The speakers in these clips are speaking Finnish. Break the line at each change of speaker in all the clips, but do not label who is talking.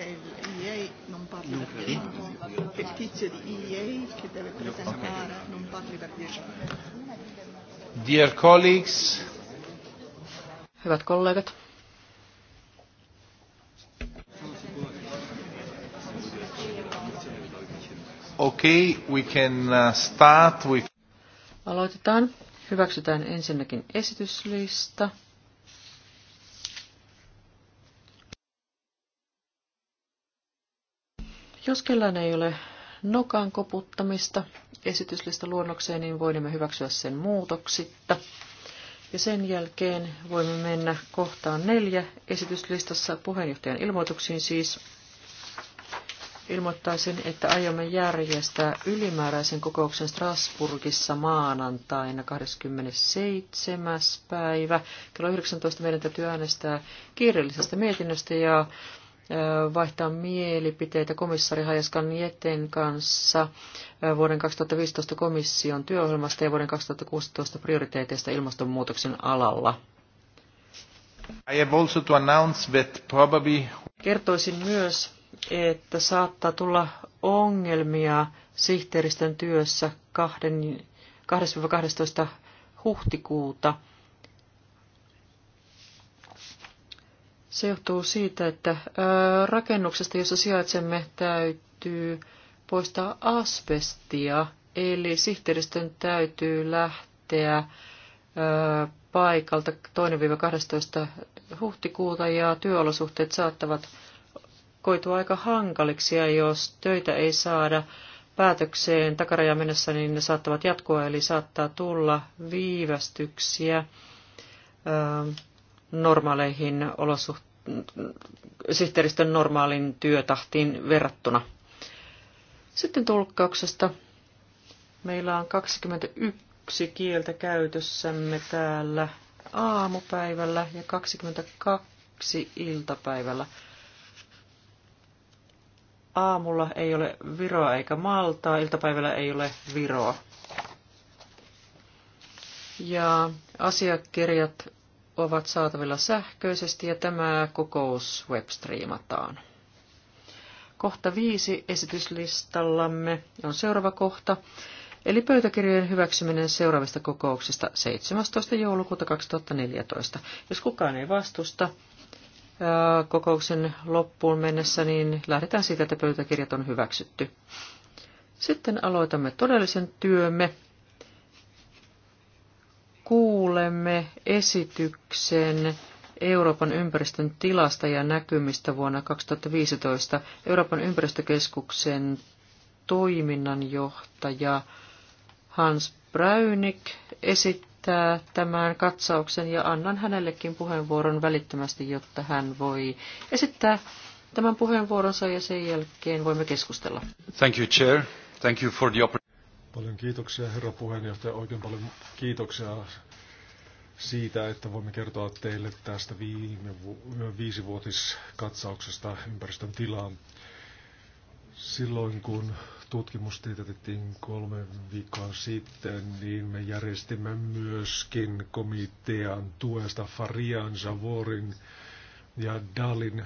che è l'IA e non parli per 10 minuti, il tizio di EA che deve no, presentare non parli per 10 minuti.
Dear colleagues. Hyvät kollegat.
Okay, we can uh, start with...
Aloitetaan. Hyväksytään ensinnäkin esityslista. Jos kellään ei ole nokan koputtamista esityslista luonnokseen, niin voimme hyväksyä sen muutoksitta. Ja sen jälkeen voimme mennä kohtaan neljä esityslistassa puheenjohtajan ilmoituksiin siis. Ilmoittaisin, että aiomme järjestää ylimääräisen kokouksen Strasburgissa maanantaina 27. päivä. Kello 19 meidän täytyy äänestää kiireellisestä mietinnöstä ja vaihtaa mielipiteitä komissari Hajaskan Jeten kanssa vuoden 2015 komission työohjelmasta ja vuoden 2016 prioriteeteista ilmastonmuutoksen alalla.
I have also to announce that probably...
Kertoisin myös, että saattaa tulla ongelmia sihteeristön työssä 2-12 huhtikuuta – Se johtuu siitä, että rakennuksesta, jossa sijaitsemme, täytyy poistaa asbestia, eli sihteeristön täytyy lähteä paikalta 2-12 huhtikuuta ja työolosuhteet saattavat koitua aika hankaliksi ja jos töitä ei saada päätökseen takaraja mennessä, niin ne saattavat jatkua eli saattaa tulla viivästyksiä normaaleihin olosuht- sihteeristön normaalin työtahtiin verrattuna. Sitten tulkkauksesta. Meillä on 21 kieltä käytössämme täällä aamupäivällä ja 22 iltapäivällä. Aamulla ei ole viroa eikä maltaa, iltapäivällä ei ole viroa. Ja asiakirjat ovat saatavilla sähköisesti ja tämä kokous webstreamataan. Kohta viisi esityslistallamme on seuraava kohta, eli pöytäkirjojen hyväksyminen seuraavista kokouksista 17. joulukuuta 2014. Jos kukaan ei vastusta kokouksen loppuun mennessä, niin lähdetään siitä, että pöytäkirjat on hyväksytty. Sitten aloitamme todellisen työmme kuulemme esityksen Euroopan ympäristön tilasta ja näkymistä vuonna 2015. Euroopan ympäristökeskuksen toiminnanjohtaja Hans Braunik esittää tämän katsauksen ja annan hänellekin puheenvuoron välittömästi, jotta hän voi esittää tämän puheenvuoronsa ja sen jälkeen voimme keskustella.
Thank you, Chair. Thank you for the Paljon kiitoksia, herra puheenjohtaja. Oikein paljon kiitoksia siitä, että voimme kertoa teille tästä viime viisivuotiskatsauksesta ympäristön tilaan. Silloin kun tutkimus teetettiin kolme viikkoa sitten, niin me järjestimme myöskin komitean tuesta Farian, Javorin ja Dalin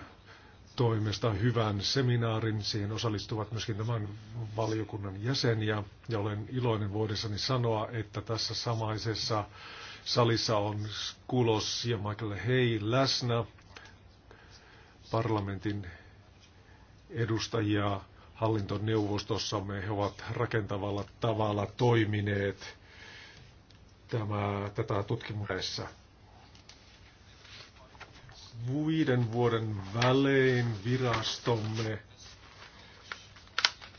toimesta hyvän seminaarin. Siihen osallistuvat myöskin tämän valiokunnan jäseniä ja olen iloinen voidessani sanoa, että tässä samaisessa Salissa on Kulos ja Michael Hei läsnä, parlamentin edustajia hallintoneuvostossamme. He ovat rakentavalla tavalla toimineet tämä, tätä tutkimuksessa. Viiden vuoden välein virastomme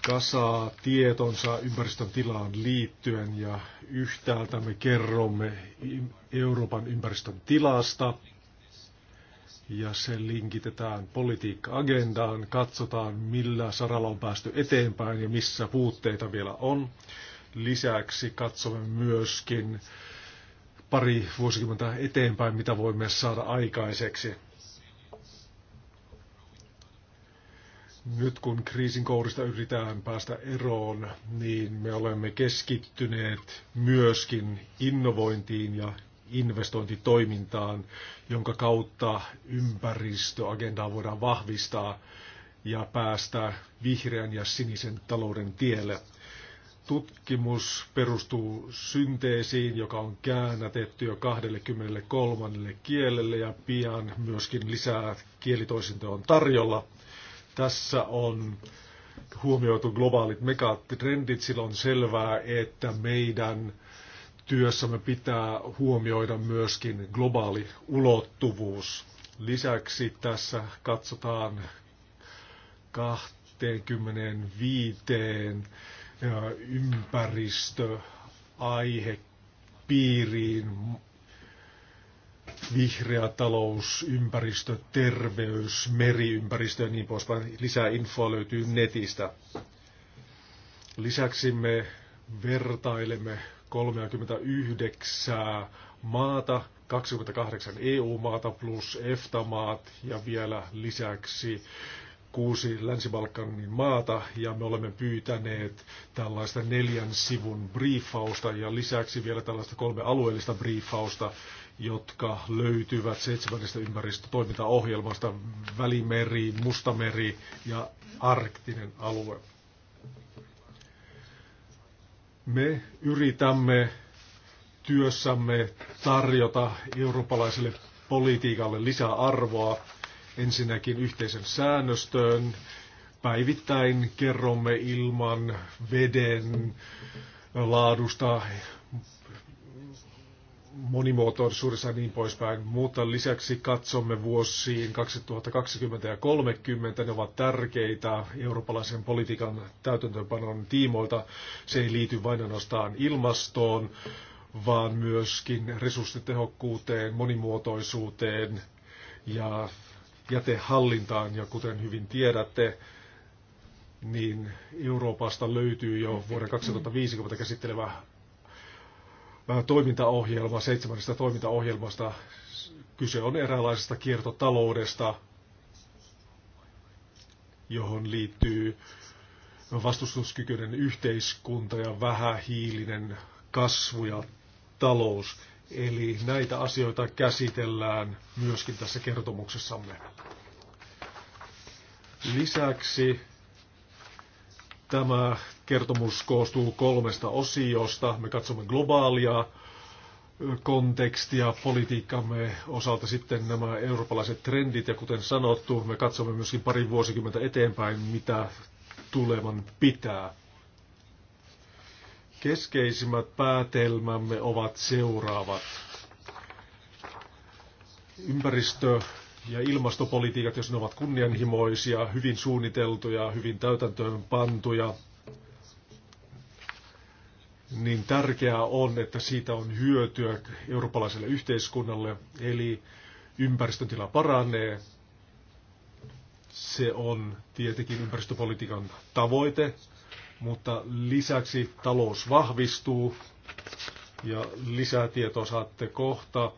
kasaa tietonsa ympäristön tilaan liittyen ja yhtäältä me kerromme Euroopan ympäristön tilasta ja se linkitetään politiikka-agendaan, katsotaan millä saralla on päästy eteenpäin ja missä puutteita vielä on. Lisäksi katsomme myöskin pari vuosikymmentä eteenpäin, mitä voimme saada aikaiseksi. Nyt kun kriisin kourista yritetään päästä eroon, niin me olemme keskittyneet myöskin innovointiin ja investointitoimintaan, jonka kautta ympäristöagendaa voidaan vahvistaa ja päästä vihreän ja sinisen talouden tielle. Tutkimus perustuu synteesiin, joka on käännätetty jo 23 kielelle ja pian myöskin lisää kielitoisintoa on tarjolla. Tässä on huomioitu globaalit megatrendit, sillä on selvää, että meidän työssämme pitää huomioida myöskin globaali ulottuvuus. Lisäksi tässä katsotaan 25 ympäristöaihepiiriin vihreä talous, ympäristö, terveys, meriympäristö ja niin poispäin. Lisää infoa löytyy netistä. Lisäksi me vertailemme 39 maata, 28 EU-maata plus EFTA-maat ja vielä lisäksi kuusi Länsi-Balkanin maata ja me olemme pyytäneet tällaista neljän sivun briefausta ja lisäksi vielä tällaista kolme alueellista briefausta, jotka löytyvät seitsemännestä ympäristötoimintaohjelmasta Välimeri, Mustameri ja arktinen alue. Me yritämme työssämme tarjota eurooppalaiselle politiikalle lisää arvoa ensinnäkin yhteisen säännöstöön. Päivittäin kerromme ilman, veden, laadusta, monimuotoisuudessa ja niin poispäin, mutta lisäksi katsomme vuosiin 2020 ja 2030. Ne ovat tärkeitä eurooppalaisen politiikan täytäntöönpanon tiimoilta. Se ei liity vain ainoastaan ilmastoon, vaan myöskin resurssitehokkuuteen, monimuotoisuuteen ja jätehallintaan. Ja kuten hyvin tiedätte, niin Euroopasta löytyy jo vuoden 2050 käsittelevä Äh, toimintaohjelma, seitsemännestä toimintaohjelmasta. Kyse on eräänlaisesta kiertotaloudesta, johon liittyy vastustuskykyinen yhteiskunta ja vähähiilinen kasvu ja talous. Eli näitä asioita käsitellään myöskin tässä kertomuksessamme. Lisäksi Tämä kertomus koostuu kolmesta osiosta. Me katsomme globaalia kontekstia politiikkamme osalta sitten nämä eurooppalaiset trendit ja kuten sanottu, me katsomme myöskin pari vuosikymmentä eteenpäin, mitä tulevan pitää. Keskeisimmät päätelmämme ovat seuraavat. Ympäristö ja ilmastopolitiikat, jos ne ovat kunnianhimoisia, hyvin suunniteltuja, hyvin täytäntöön pantuja, niin tärkeää on, että siitä on hyötyä eurooppalaiselle yhteiskunnalle, eli ympäristön tila paranee. Se on tietenkin ympäristöpolitiikan tavoite, mutta lisäksi talous vahvistuu ja lisää tietoa saatte kohta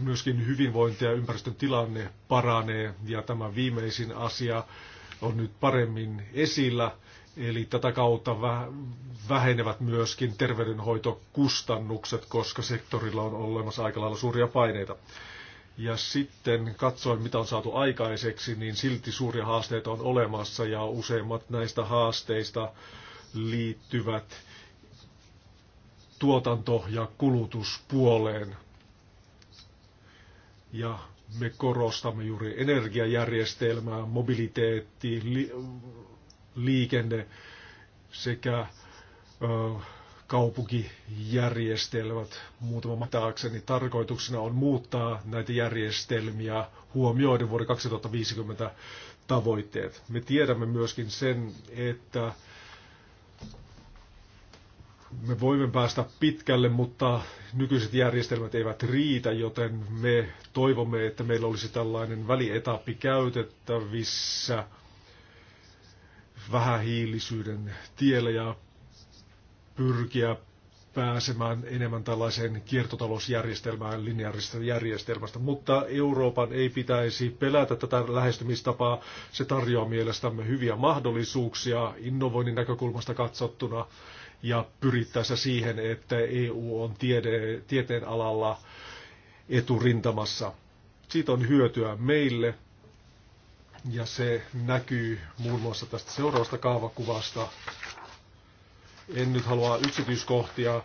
myöskin hyvinvointi ja ympäristön tilanne paranee ja tämä viimeisin asia on nyt paremmin esillä. Eli tätä kautta vähenevät myöskin terveydenhoitokustannukset, koska sektorilla on olemassa aika lailla suuria paineita. Ja sitten katsoin, mitä on saatu aikaiseksi, niin silti suuria haasteita on olemassa ja useimmat näistä haasteista liittyvät tuotanto- ja kulutuspuoleen ja me korostamme juuri energiajärjestelmää, mobiliteetti, li, liikenne sekä ö, kaupunkijärjestelmät. Muutama taakseni tarkoituksena on muuttaa näitä järjestelmiä huomioiden vuoden 2050 tavoitteet. Me tiedämme myöskin sen, että me voimme päästä pitkälle, mutta nykyiset järjestelmät eivät riitä, joten me toivomme, että meillä olisi tällainen välietappi käytettävissä vähähiilisyyden tiellä ja pyrkiä pääsemään enemmän tällaiseen kiertotalousjärjestelmään lineaarista järjestelmästä, mutta Euroopan ei pitäisi pelätä tätä lähestymistapaa. Se tarjoaa mielestämme hyviä mahdollisuuksia innovoinnin näkökulmasta katsottuna ja pyrittäessä siihen, että EU on tiede, tieteen alalla eturintamassa. Siitä on hyötyä meille ja se näkyy muun muassa tästä seuraavasta kaavakuvasta. En nyt halua yksityiskohtia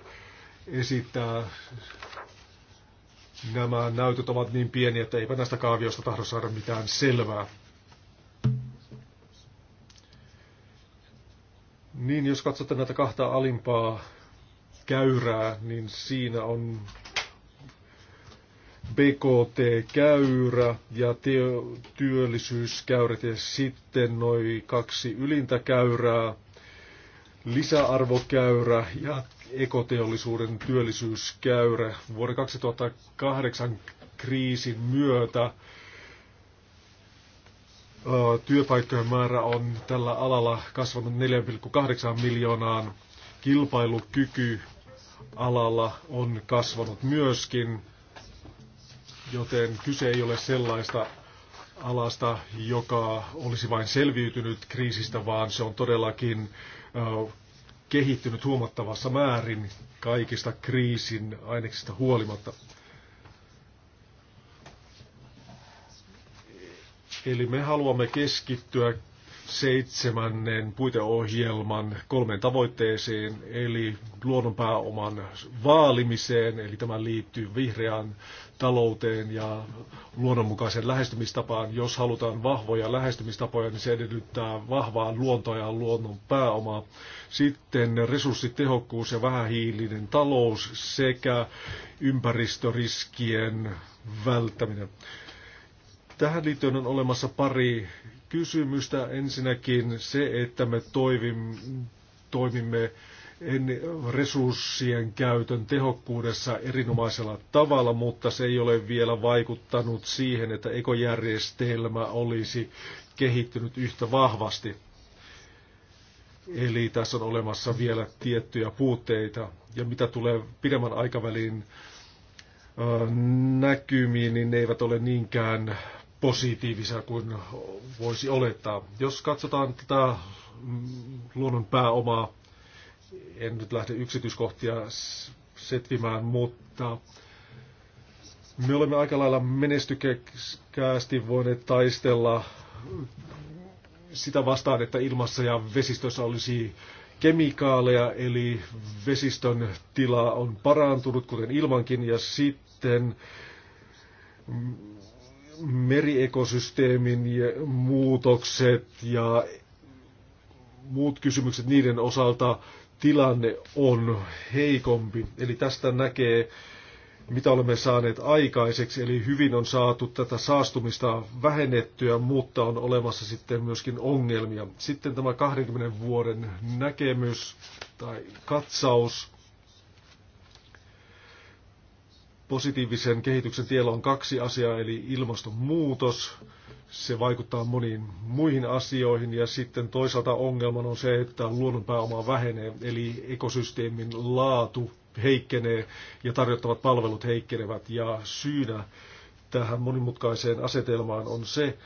esittää. Nämä näytöt ovat niin pieniä, että eipä näistä kaaviosta tahdo saada mitään selvää. Niin, jos katsotte näitä kahta alimpaa käyrää, niin siinä on BKT-käyrä ja työllisyyskäyrät ja sitten noin kaksi ylintä käyrää, lisäarvokäyrä ja ekoteollisuuden työllisyyskäyrä. Vuoden 2008 kriisin myötä työpaikkojen määrä on tällä alalla kasvanut 4,8 miljoonaan. Kilpailukyky alalla on kasvanut myöskin, joten kyse ei ole sellaista alasta, joka olisi vain selviytynyt kriisistä, vaan se on todellakin kehittynyt huomattavassa määrin kaikista kriisin aineksista huolimatta. Eli me haluamme keskittyä seitsemännen puiteohjelman kolmeen tavoitteeseen, eli luonnonpääoman vaalimiseen, eli tämä liittyy vihreään talouteen ja luonnonmukaiseen lähestymistapaan. Jos halutaan vahvoja lähestymistapoja, niin se edellyttää vahvaa luontoa ja luonnonpääomaa Sitten resurssitehokkuus ja vähähiilinen talous sekä ympäristöriskien välttäminen. Tähän liittyen on olemassa pari kysymystä. Ensinnäkin se, että me toivim, toimimme resurssien käytön tehokkuudessa erinomaisella tavalla, mutta se ei ole vielä vaikuttanut siihen, että ekojärjestelmä olisi kehittynyt yhtä vahvasti. Eli tässä on olemassa vielä tiettyjä puutteita. Ja mitä tulee pidemmän aikavälin näkymiin, niin ne eivät ole niinkään positiivisia kuin voisi olettaa. Jos katsotaan tätä mm, luonnon pääomaa, en nyt lähde yksityiskohtia setvimään, mutta me olemme aika lailla menestykäästi voineet taistella sitä vastaan, että ilmassa ja vesistössä olisi kemikaaleja, eli vesistön tila on parantunut, kuten ilmankin, ja sitten mm, meriekosysteemin muutokset ja muut kysymykset niiden osalta tilanne on heikompi. Eli tästä näkee, mitä olemme saaneet aikaiseksi. Eli hyvin on saatu tätä saastumista vähennettyä, mutta on olemassa sitten myöskin ongelmia. Sitten tämä 20 vuoden näkemys tai katsaus. positiivisen kehityksen tiellä on kaksi asiaa, eli ilmastonmuutos, se vaikuttaa moniin muihin asioihin, ja sitten toisaalta ongelman on se, että luonnonpääoma vähenee, eli ekosysteemin laatu heikkenee ja tarjottavat palvelut heikkenevät, ja syynä tähän monimutkaiseen asetelmaan on se,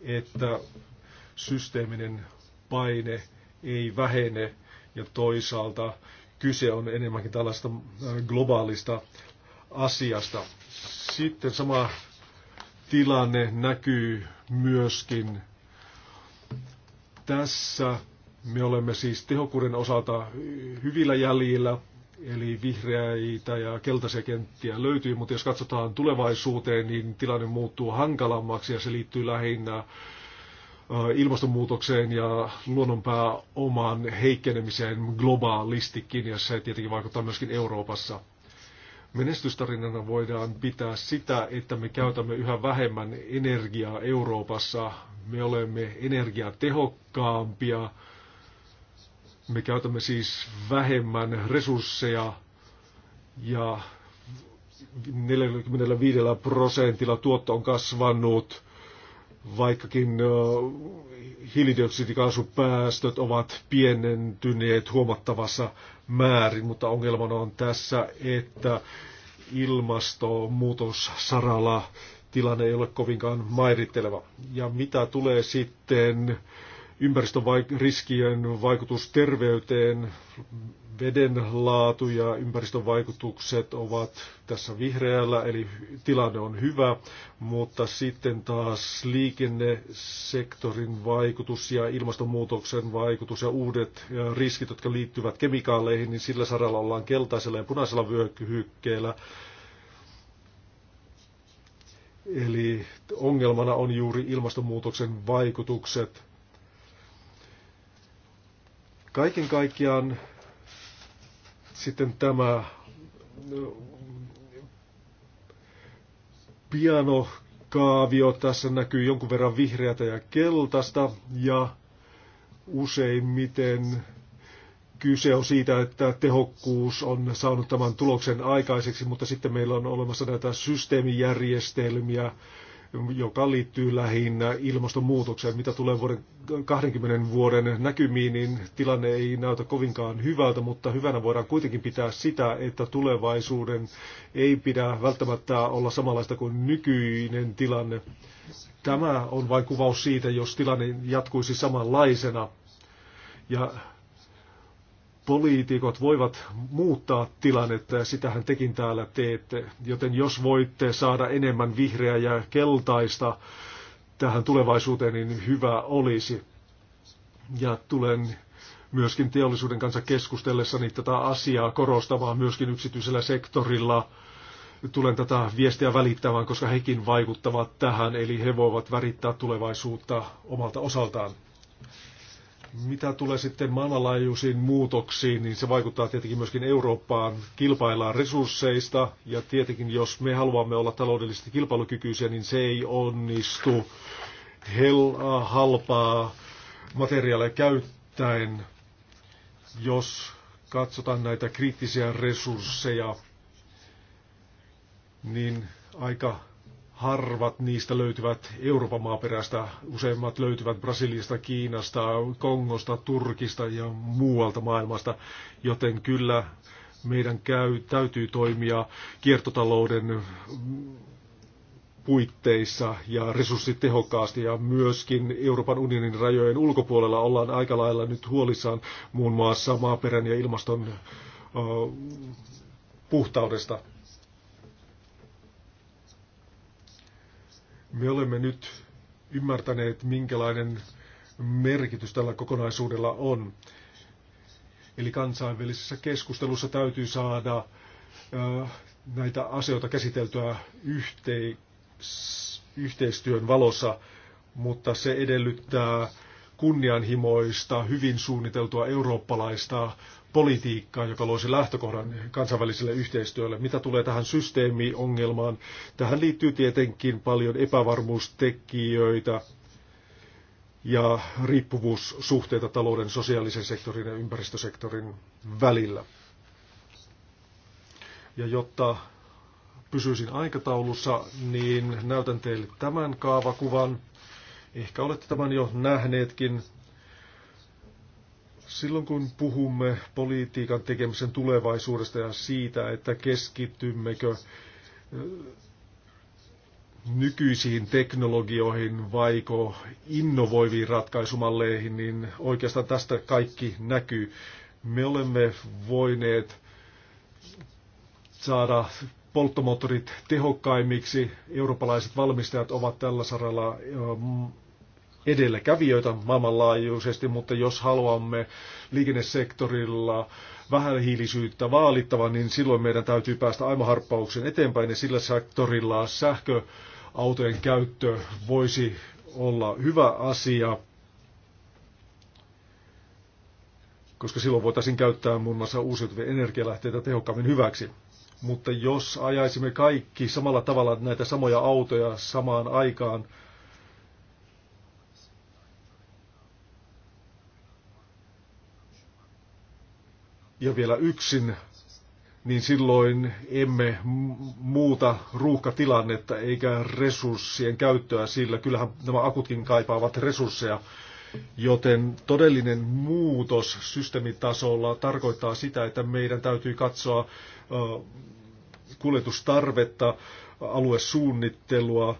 että systeeminen paine ei vähene, ja toisaalta kyse on enemmänkin tällaista äh, globaalista asiasta. Sitten sama tilanne näkyy myöskin tässä. Me olemme siis tehokkuuden osalta hyvillä jäljillä, eli vihreäitä ja keltaisia kenttiä löytyy, mutta jos katsotaan tulevaisuuteen, niin tilanne muuttuu hankalammaksi ja se liittyy lähinnä ilmastonmuutokseen ja luonnonpää oman heikkenemiseen globaalistikin, ja se tietenkin vaikuttaa myöskin Euroopassa. Menestystarinana voidaan pitää sitä, että me käytämme yhä vähemmän energiaa Euroopassa. Me olemme energiatehokkaampia. Me käytämme siis vähemmän resursseja ja 45 prosentilla tuotto on kasvanut vaikkakin hiilidioksidikaasupäästöt ovat pienentyneet huomattavassa määrin, mutta ongelmana on tässä, että ilmastonmuutos saralla tilanne ei ole kovinkaan mairitteleva. Ja mitä tulee sitten ympäristöriskien vaikutus terveyteen, veden laatu ja ympäristövaikutukset ovat tässä vihreällä, eli tilanne on hyvä, mutta sitten taas liikennesektorin vaikutus ja ilmastonmuutoksen vaikutus ja uudet riskit, jotka liittyvät kemikaaleihin, niin sillä saralla ollaan keltaisella ja punaisella vyöhykkeellä. Eli ongelmana on juuri ilmastonmuutoksen vaikutukset Kaiken kaikkiaan sitten tämä no, pianokaavio tässä näkyy jonkun verran vihreätä ja keltaista ja useimmiten kyse on siitä, että tehokkuus on saanut tämän tuloksen aikaiseksi, mutta sitten meillä on olemassa näitä systeemijärjestelmiä, joka liittyy lähinnä ilmastonmuutokseen. Mitä tulee vuoden 20 vuoden näkymiin, niin tilanne ei näytä kovinkaan hyvältä, mutta hyvänä voidaan kuitenkin pitää sitä, että tulevaisuuden ei pidä välttämättä olla samanlaista kuin nykyinen tilanne. Tämä on vain kuvaus siitä, jos tilanne jatkuisi samanlaisena. Ja poliitikot voivat muuttaa tilannetta ja sitähän tekin täällä teette. Joten jos voitte saada enemmän vihreää ja keltaista tähän tulevaisuuteen, niin hyvä olisi. Ja tulen myöskin teollisuuden kanssa keskustellessani tätä asiaa korostamaan myöskin yksityisellä sektorilla. Tulen tätä viestiä välittämään, koska hekin vaikuttavat tähän, eli he voivat värittää tulevaisuutta omalta osaltaan. Mitä tulee sitten maailmanlaajuisiin muutoksiin, niin se vaikuttaa tietenkin myöskin Eurooppaan. Kilpaillaan resursseista ja tietenkin jos me haluamme olla taloudellisesti kilpailukykyisiä, niin se ei onnistu hel- halpaa materiaaleja käyttäen, jos katsotaan näitä kriittisiä resursseja, niin aika harvat niistä löytyvät Euroopan maaperästä, useimmat löytyvät Brasiliasta, Kiinasta, Kongosta, Turkista ja muualta maailmasta, joten kyllä meidän käy, täytyy toimia kiertotalouden puitteissa ja resurssit tehokkaasti ja myöskin Euroopan unionin rajojen ulkopuolella ollaan aika lailla nyt huolissaan muun muassa maaperän ja ilmaston uh, puhtaudesta. Me olemme nyt ymmärtäneet, minkälainen merkitys tällä kokonaisuudella on. Eli kansainvälisessä keskustelussa täytyy saada äh, näitä asioita käsiteltyä yhteistyön valossa, mutta se edellyttää kunnianhimoista, hyvin suunniteltua eurooppalaista politiikkaa, joka loisi lähtökohdan kansainväliselle yhteistyölle. Mitä tulee tähän systeemiongelmaan? Tähän liittyy tietenkin paljon epävarmuustekijöitä ja riippuvuussuhteita talouden, sosiaalisen sektorin ja ympäristösektorin välillä. Ja jotta pysyisin aikataulussa, niin näytän teille tämän kaavakuvan. Ehkä olette tämän jo nähneetkin. Silloin kun puhumme politiikan tekemisen tulevaisuudesta ja siitä, että keskitymmekö nykyisiin teknologioihin vaiko innovoiviin ratkaisumalleihin, niin oikeastaan tästä kaikki näkyy. Me olemme voineet saada polttomoottorit tehokkaimmiksi. Eurooppalaiset valmistajat ovat tällä saralla edelläkävijöitä maailmanlaajuisesti, mutta jos haluamme liikennesektorilla vähähiilisyyttä vaalittava, niin silloin meidän täytyy päästä aimoharppauksen eteenpäin ja sillä sektorilla sähköautojen käyttö voisi olla hyvä asia, koska silloin voitaisiin käyttää muun muassa uusiutuvia energialähteitä tehokkaammin hyväksi. Mutta jos ajaisimme kaikki samalla tavalla näitä samoja autoja samaan aikaan, ja vielä yksin, niin silloin emme muuta ruuhkatilannetta eikä resurssien käyttöä sillä. Kyllähän nämä akutkin kaipaavat resursseja, joten todellinen muutos systeemitasolla tarkoittaa sitä, että meidän täytyy katsoa kuljetustarvetta, aluesuunnittelua,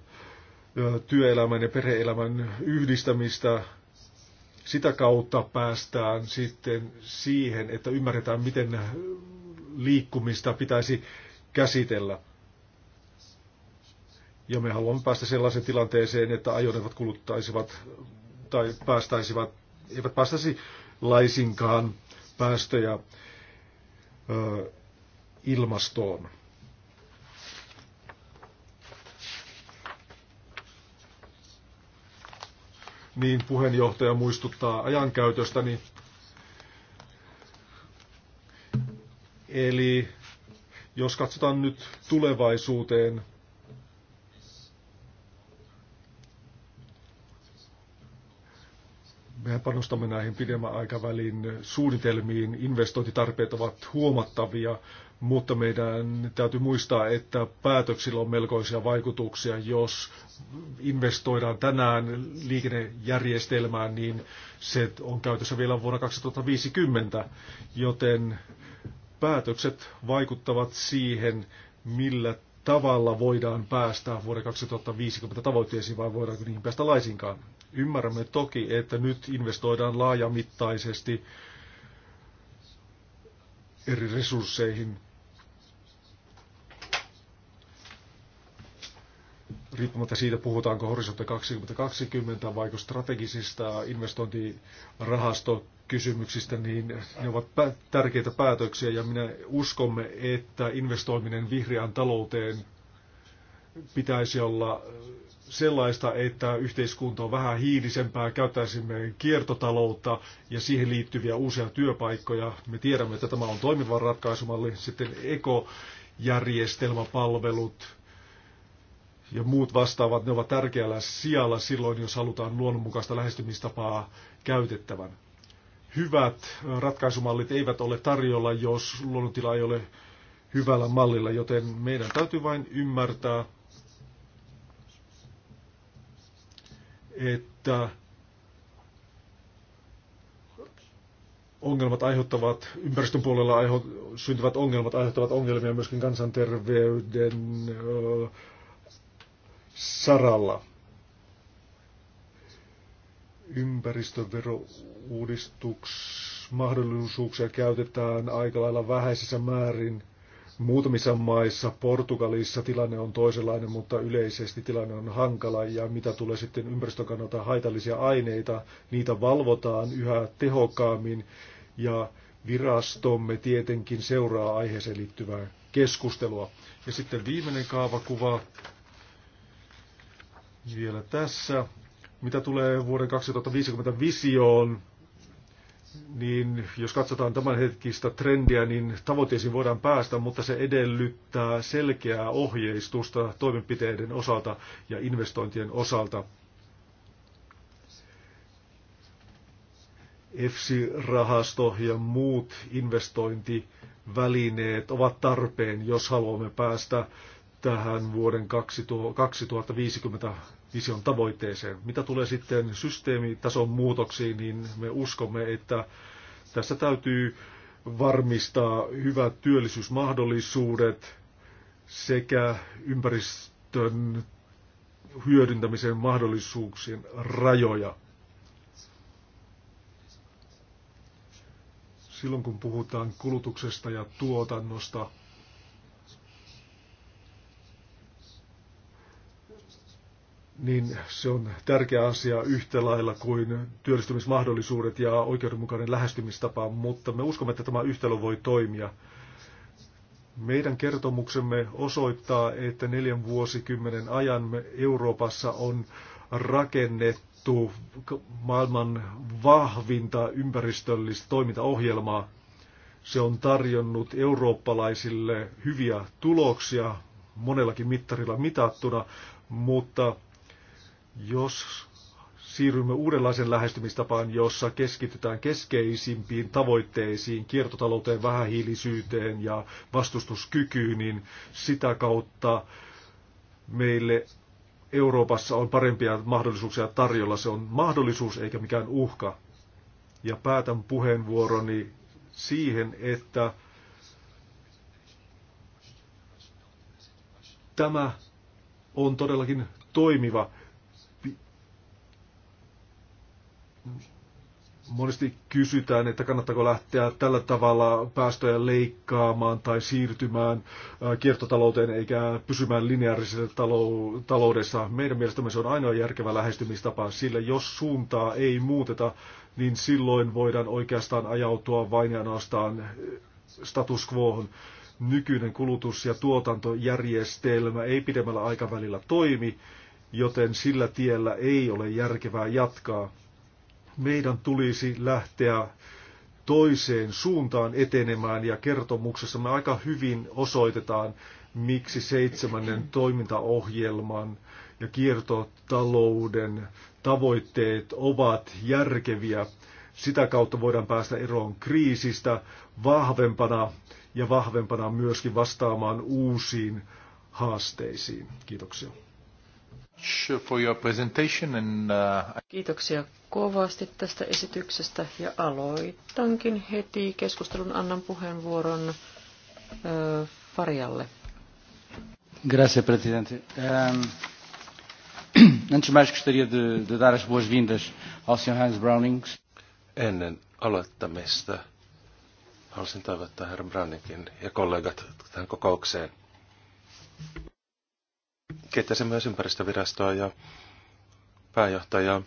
työelämän ja perheelämän yhdistämistä, sitä kautta päästään sitten siihen, että ymmärretään, miten liikkumista pitäisi käsitellä. Ja me haluamme päästä sellaiseen tilanteeseen, että ajoneuvot kuluttaisivat tai päästäisivät, eivät päästäisi laisinkaan päästöjä ö, ilmastoon. niin puheenjohtaja muistuttaa ajankäytöstäni. Eli jos katsotaan nyt tulevaisuuteen, mehän panostamme näihin pidemmän aikavälin suunnitelmiin. Investointitarpeet ovat huomattavia, mutta meidän täytyy muistaa, että päätöksillä on melkoisia vaikutuksia. Jos investoidaan tänään liikennejärjestelmään, niin se on käytössä vielä vuonna 2050, joten päätökset vaikuttavat siihen, millä tavalla voidaan päästä vuoden 2050 tavoitteisiin vai voidaanko niihin päästä laisinkaan. Ymmärrämme toki, että nyt investoidaan laajamittaisesti eri resursseihin riippumatta siitä, puhutaanko horisontti 2020 vai strategisista investointirahastokysymyksistä, niin ne ovat tärkeitä päätöksiä ja minä uskomme, että investoiminen vihreään talouteen pitäisi olla sellaista, että yhteiskunta on vähän hiilisempää, käyttäisimme kiertotaloutta ja siihen liittyviä uusia työpaikkoja. Me tiedämme, että tämä on toimiva ratkaisumalli. Sitten ekojärjestelmäpalvelut, ja muut vastaavat, ne ovat tärkeällä sijalla silloin, jos halutaan luonnonmukaista lähestymistapaa käytettävän. Hyvät ratkaisumallit eivät ole tarjolla, jos luonnontila ei ole hyvällä mallilla, joten meidän täytyy vain ymmärtää, että ongelmat aiheuttavat, ympäristön puolella aiheut, syntyvät ongelmat aiheuttavat ongelmia myöskin kansanterveyden, saralla. Ympäristöverouudistusmahdollisuuksia käytetään aika lailla vähäisessä määrin. Muutamissa maissa, Portugalissa tilanne on toisenlainen, mutta yleisesti tilanne on hankala ja mitä tulee sitten ympäristön kannalta haitallisia aineita, niitä valvotaan yhä tehokkaammin ja virastomme tietenkin seuraa aiheeseen liittyvää keskustelua. Ja sitten viimeinen kaavakuva vielä tässä. Mitä tulee vuoden 2050 visioon, niin jos katsotaan tämänhetkistä trendiä, niin tavoitteisiin voidaan päästä, mutta se edellyttää selkeää ohjeistusta toimenpiteiden osalta ja investointien osalta. EFSI-rahasto ja muut investointivälineet ovat tarpeen, jos haluamme päästä tähän vuoden 2050 vision tavoitteeseen. Mitä tulee sitten systeemitason muutoksiin, niin me uskomme, että tässä täytyy varmistaa hyvät työllisyysmahdollisuudet sekä ympäristön hyödyntämisen mahdollisuuksien rajoja. Silloin kun puhutaan kulutuksesta ja tuotannosta, niin se on tärkeä asia yhtä lailla kuin työllistymismahdollisuudet ja oikeudenmukainen lähestymistapa, mutta me uskomme, että tämä yhtälö voi toimia. Meidän kertomuksemme osoittaa, että neljän vuosikymmenen ajan Euroopassa on rakennettu maailman vahvinta ympäristöllistä toimintaohjelmaa. Se on tarjonnut eurooppalaisille hyviä tuloksia monellakin mittarilla mitattuna, mutta jos siirrymme uudenlaisen lähestymistapaan, jossa keskitytään keskeisimpiin tavoitteisiin, kiertotalouteen, vähähiilisyyteen ja vastustuskykyyn, niin sitä kautta meille Euroopassa on parempia mahdollisuuksia tarjolla. Se on mahdollisuus eikä mikään uhka. Ja päätän puheenvuoroni siihen, että tämä on todellakin toimiva Monesti kysytään, että kannattako lähteä tällä tavalla päästöjä leikkaamaan tai siirtymään kiertotalouteen eikä pysymään lineaarisessa taloudessa. Meidän mielestämme se on ainoa järkevä lähestymistapa, sillä jos suuntaa ei muuteta, niin silloin voidaan oikeastaan ajautua vain ja ainoastaan status quohon nykyinen kulutus- ja tuotantojärjestelmä ei pidemmällä aikavälillä toimi, joten sillä tiellä ei ole järkevää jatkaa meidän tulisi lähteä toiseen suuntaan etenemään ja kertomuksessa me aika hyvin osoitetaan, miksi seitsemännen toimintaohjelman ja kiertotalouden tavoitteet ovat järkeviä. Sitä kautta voidaan päästä eroon kriisistä vahvempana ja vahvempana myöskin vastaamaan uusiin haasteisiin. Kiitoksia for your presentation and, uh...
Kiitoksia kovasti tästä esityksestä ja aloitankin heti keskustelun. Annan puheenvuoron uh, Farialle.
Grazie, Presidente.
Um, antes de mais gostaria de, de dar as boas-vindas ao Sr. Hans Brownings. Ennen
aloittamista haluaisin toivottaa herra browningin ja kollegat tähän kokoukseen kiittäisin myös ympäristövirastoa ja pääjohtajaa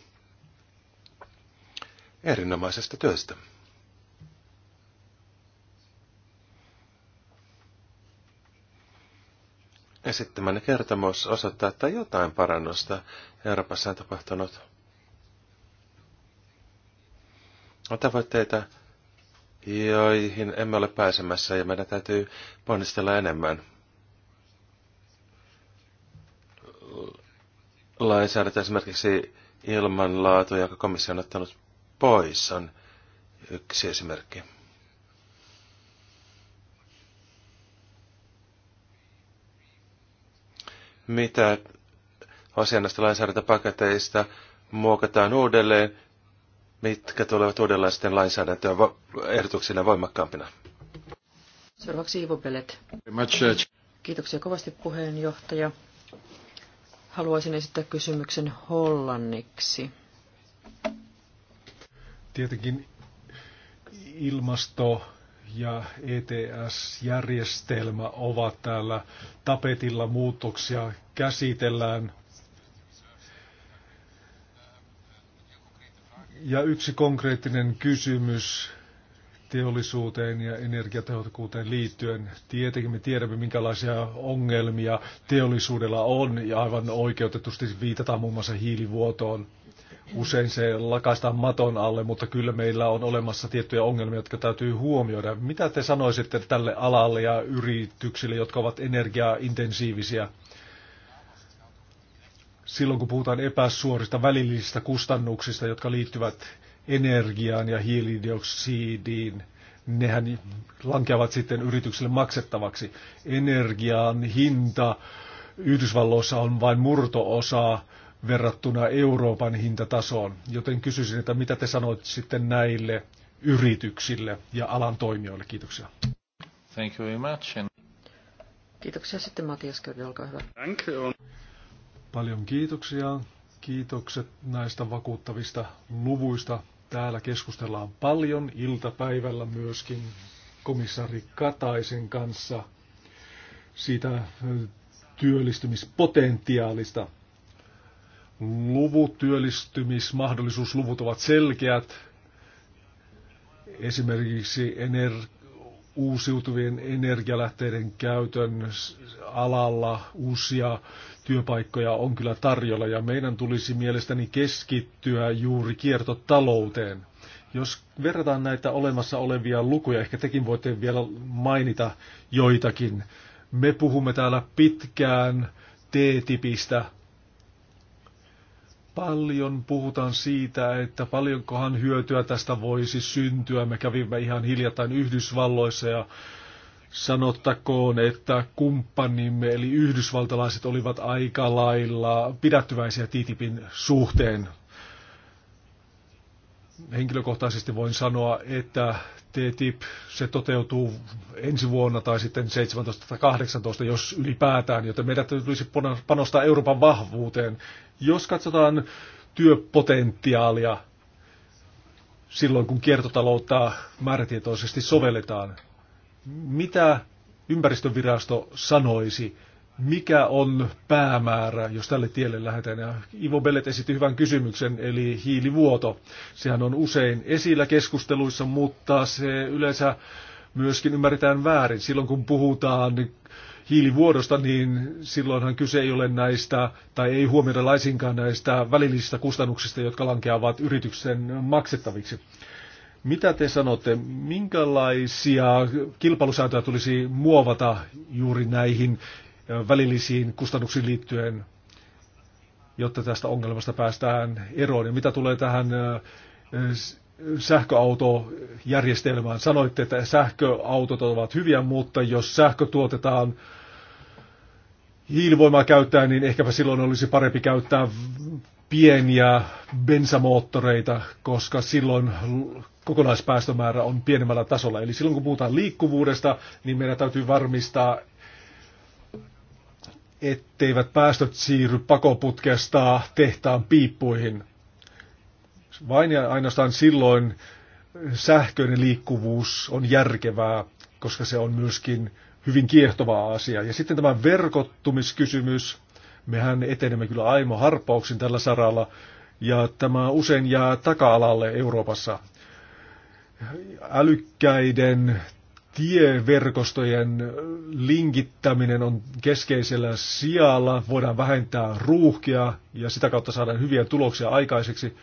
erinomaisesta työstä. Esittämäni kertomus osoittaa, että jotain parannusta Euroopassa on tapahtunut. On tavoitteita, joihin emme ole pääsemässä ja meidän täytyy ponnistella enemmän. lainsäädäntö esimerkiksi ilmanlaatu, joka komissio on ottanut pois, on yksi esimerkki. Mitä osia näistä lainsäädäntöpaketeista muokataan uudelleen, mitkä tulevat uudenlaisten lainsäädäntöön ehdotuksina voimakkaampina?
Seuraavaksi Ivo Pelet. Uh, Kiitoksia kovasti puheenjohtaja. Haluaisin esittää kysymyksen hollanniksi.
Tietenkin ilmasto ja ETS-järjestelmä ovat täällä tapetilla muutoksia käsitellään. Ja yksi konkreettinen kysymys teollisuuteen ja energiatehokkuuteen liittyen. Tietenkin me tiedämme, minkälaisia ongelmia teollisuudella on ja aivan oikeutetusti viitataan muun muassa hiilivuotoon. Usein se lakaistaan maton alle, mutta kyllä meillä on olemassa tiettyjä ongelmia, jotka täytyy huomioida. Mitä te sanoisitte tälle alalle ja yrityksille, jotka ovat energiaintensiivisiä? Silloin kun puhutaan epäsuorista välillisistä kustannuksista, jotka liittyvät energiaan ja hiilidioksidiin, nehän lankeavat sitten yrityksille maksettavaksi. Energian hinta Yhdysvalloissa on vain murtoosa verrattuna Euroopan hintatasoon, joten kysyisin, että mitä te sanoitte sitten näille yrityksille ja alan toimijoille. Kiitoksia. Thank you very much. And...
Kiitoksia sitten Matias Kyrdi, olkaa hyvä. Thank you. Paljon
kiitoksia. Kiitokset näistä vakuuttavista luvuista. Täällä keskustellaan paljon iltapäivällä myöskin komissaari Kataisen kanssa siitä työllistymispotentiaalista. Luvut, työllistymismahdollisuusluvut ovat selkeät. Esimerkiksi ener- uusiutuvien energialähteiden käytön alalla uusia työpaikkoja on kyllä tarjolla ja meidän tulisi mielestäni keskittyä juuri kiertotalouteen. Jos verrataan näitä olemassa olevia lukuja, ehkä tekin voitte vielä mainita joitakin. Me puhumme täällä pitkään T-tipistä, Paljon puhutaan siitä, että paljonkohan hyötyä tästä voisi syntyä. Me kävimme ihan hiljattain Yhdysvalloissa ja sanottakoon, että kumppanimme eli yhdysvaltalaiset olivat aika lailla pidättyväisiä TTIPin suhteen henkilökohtaisesti voin sanoa, että TTIP, se toteutuu ensi vuonna tai sitten 17 tai 18, jos ylipäätään, joten meidän tulisi panostaa Euroopan vahvuuteen. Jos katsotaan työpotentiaalia silloin, kun kiertotaloutta määrätietoisesti sovelletaan, mitä ympäristövirasto sanoisi mikä on päämäärä, jos tälle tielle lähdetään. Ja Ivo Bellet esitti hyvän kysymyksen, eli hiilivuoto. Sehän on usein esillä keskusteluissa, mutta se yleensä myöskin ymmärretään väärin. Silloin kun puhutaan hiilivuodosta, niin silloinhan kyse ei ole näistä, tai ei huomioida laisinkaan näistä välillisistä kustannuksista, jotka lankeavat yrityksen maksettaviksi. Mitä te sanotte, minkälaisia kilpailusääntöjä tulisi muovata juuri näihin välillisiin kustannuksiin liittyen, jotta tästä ongelmasta päästään eroon. Ja mitä tulee tähän sähköautojärjestelmään, sanoitte, että sähköautot ovat hyviä, mutta jos sähkö tuotetaan hiilivoimaa käyttää, niin ehkäpä silloin olisi parempi käyttää pieniä bensamoottoreita, koska silloin kokonaispäästömäärä on pienemmällä tasolla. Eli silloin kun puhutaan liikkuvuudesta, niin meidän täytyy varmistaa, etteivät päästöt siirry pakoputkesta tehtaan piippuihin. Vain ja ainoastaan silloin sähköinen liikkuvuus on järkevää, koska se on myöskin hyvin kiehtova asia. Ja sitten tämä verkottumiskysymys. Mehän etenemme kyllä aimo harppauksin tällä saralla, ja tämä usein jää taka-alalle Euroopassa. Älykkäiden tieverkostojen linkittäminen on keskeisellä sijalla. Voidaan vähentää ruuhkia ja sitä kautta saada hyviä tuloksia aikaiseksi.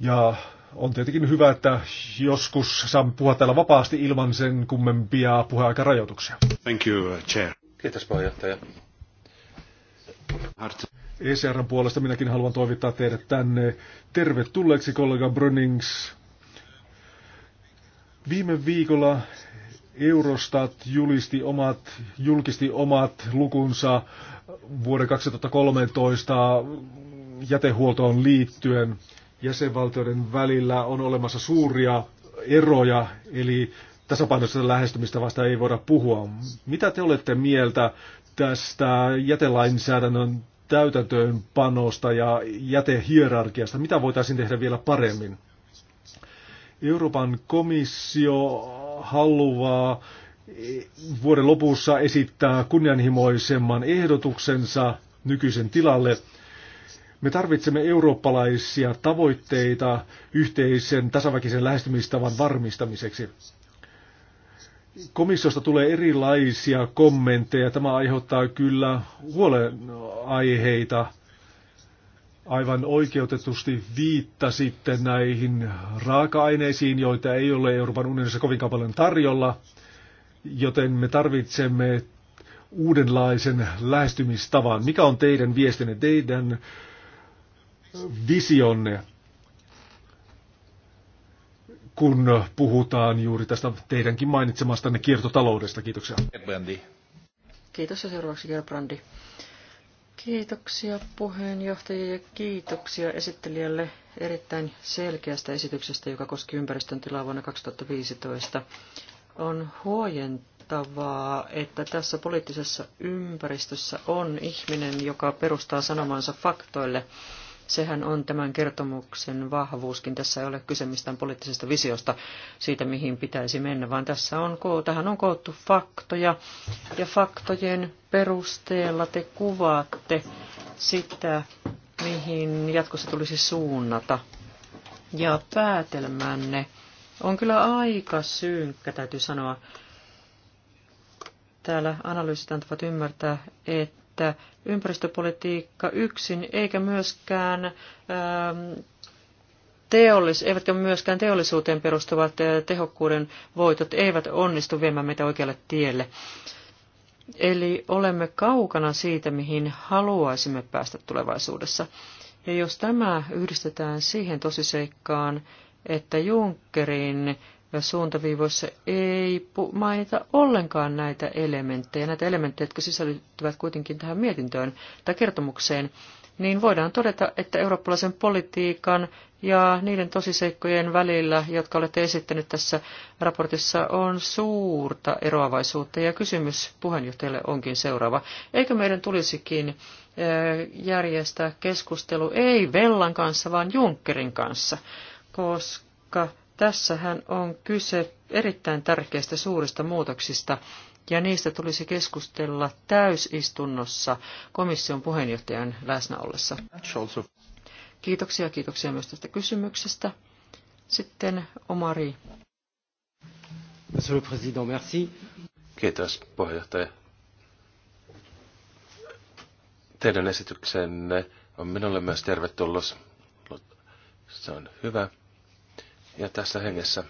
Ja on tietenkin hyvä, että joskus saamme puhua täällä vapaasti ilman sen kummempia puheaikarajoituksia.
Thank you, uh, Chair. Kiitos puheenjohtaja.
ECRn puolesta minäkin haluan toivottaa teidät tänne tervetulleeksi kollega Brönings Viime viikolla Eurostat julisti omat, julkisti omat lukunsa vuoden 2013 jätehuoltoon liittyen. Jäsenvaltioiden välillä on olemassa suuria eroja, eli tasapainoisesta lähestymistä vasta ei voida puhua. Mitä te olette mieltä tästä jätelainsäädännön täytäntöönpanosta ja jätehierarkiasta? Mitä voitaisiin tehdä vielä paremmin? Euroopan komissio haluaa vuoden lopussa esittää kunnianhimoisemman ehdotuksensa nykyisen tilalle. Me tarvitsemme eurooppalaisia tavoitteita yhteisen tasaväkisen lähestymistavan varmistamiseksi. Komissiosta tulee erilaisia kommentteja. Tämä aiheuttaa kyllä huolenaiheita. aiheita aivan oikeutetusti viittasitte näihin raaka-aineisiin, joita ei ole Euroopan unionissa kovin paljon tarjolla, joten me tarvitsemme uudenlaisen lähestymistavan. Mikä on teidän viestinne, teidän visionne, kun puhutaan juuri tästä teidänkin mainitsemastanne kiertotaloudesta? Kiitoksia.
Kiitos ja seuraavaksi Gerbrandi. Kiitoksia puheenjohtaja ja kiitoksia esittelijälle erittäin selkeästä esityksestä, joka koski ympäristön tilaa vuonna 2015. On huojentavaa, että tässä poliittisessa ympäristössä on ihminen, joka perustaa sanomansa faktoille – Sehän on tämän kertomuksen vahvuuskin. Tässä ei ole kyse mistään poliittisesta visiosta siitä, mihin pitäisi mennä, vaan tässä on, tähän on koottu faktoja, ja faktojen perusteella te kuvaatte sitä, mihin jatkossa tulisi suunnata. Ja päätelmänne on kyllä aika synkkä, täytyy sanoa. Täällä analyysit antavat ymmärtää, että että ympäristöpolitiikka yksin eikä myöskään ähm, teollis, eivätkä myöskään teollisuuteen perustuvat äh, tehokkuuden voitot eivät onnistu viemään meitä oikealle tielle. Eli olemme kaukana siitä, mihin haluaisimme päästä tulevaisuudessa. Ja jos tämä yhdistetään siihen tosiseikkaan, että Junckerin suuntaviivoissa ei mainita ollenkaan näitä elementtejä, näitä elementtejä, jotka sisältyvät kuitenkin tähän mietintöön tai kertomukseen, niin voidaan todeta, että eurooppalaisen politiikan ja niiden tosiseikkojen välillä, jotka olette esittänyt tässä raportissa, on suurta eroavaisuutta. Ja kysymys puheenjohtajalle onkin seuraava. Eikö meidän tulisikin järjestää keskustelu ei Vellan kanssa, vaan Junckerin kanssa, koska Tässähän on kyse erittäin tärkeistä suurista muutoksista, ja niistä tulisi keskustella täysistunnossa komission puheenjohtajan läsnä ollessa. Kiitoksia, kiitoksia myös tästä kysymyksestä. Sitten Omari. Monsieur le Président, merci.
Kiitos, puheenjohtaja. Teidän esityksenne on minulle myös tervetullut. Se on hyvä. Ja tässä hengessä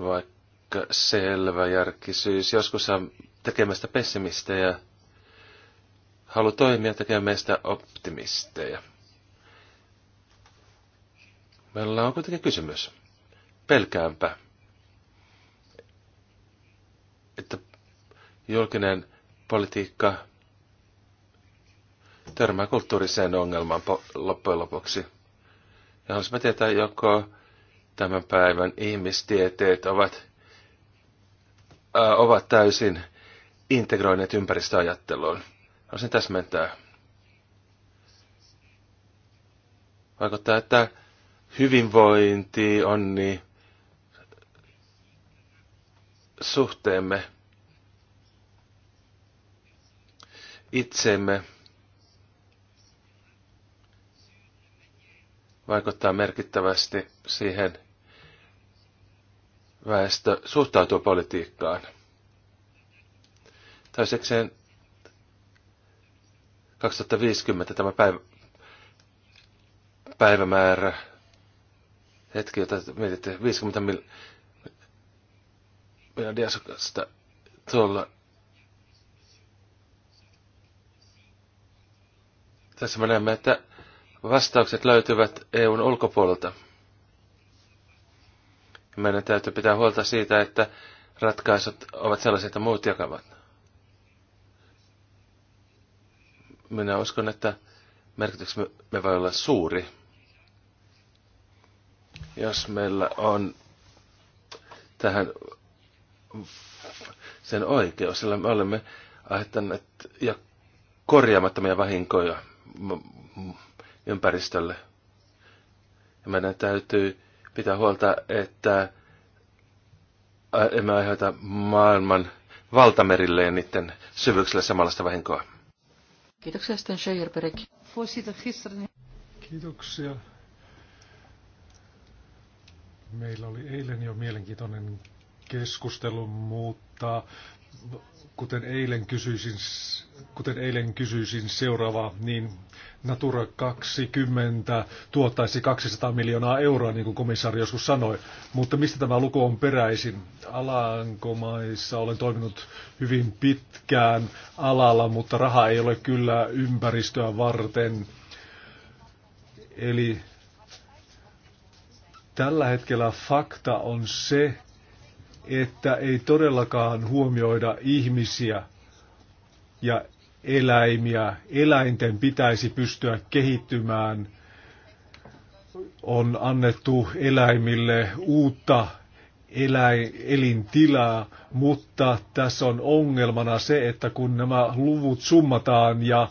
vaikka selvä järkisyys joskus on tekemästä pessimistejä, halu toimia tekemästä optimisteja. Meillä on kuitenkin kysymys. Pelkäänpä, että julkinen politiikka törmää kulttuuriseen ongelmaan loppujen lopuksi. Ja haluaisimme tietää, joko tämän päivän ihmistieteet ovat, äh, ovat täysin integroineet ympäristöajatteluun. Haluaisin täsmentää. Vaikuttaa, että hyvinvointi on niin suhteemme itseemme vaikuttaa merkittävästi siihen, väestö suhtautuu politiikkaan. Toisekseen 2050 tämä päivä, päivämäärä, hetki, jota mietitte, 50 mil, miljardia asukasta tuolla. Tässä me näemme, että vastaukset löytyvät EUn ulkopuolelta. Meidän täytyy pitää huolta siitä, että ratkaisut ovat sellaisia, että muut jakavat. Minä uskon, että merkityksemme me voi olla suuri, jos meillä on tähän sen oikeus, sillä me olemme aiheuttaneet ja korjaamattomia vahinkoja ympäristölle. Ja meidän täytyy pitää huolta, että emme aiheuta maailman valtamerille ja niiden syvyyksille samanlaista vahinkoa.
Kiitoksia Sten Scheijerberg.
Kiitoksia. Meillä oli eilen jo mielenkiintoinen keskustelu, mutta kuten eilen kysyisin, kuten eilen kysyisin seuraavaa, niin Natura 20 tuottaisi 200 miljoonaa euroa, niin kuin komissaari joskus sanoi. Mutta mistä tämä luku on peräisin? Alankomaissa olen toiminut hyvin pitkään alalla, mutta raha ei ole kyllä ympäristöä varten. Eli tällä hetkellä fakta on se, että ei todellakaan huomioida ihmisiä ja eläimiä. Eläinten pitäisi pystyä kehittymään. On annettu eläimille uutta eläin, elintilaa, mutta tässä on ongelmana se, että kun nämä luvut summataan ja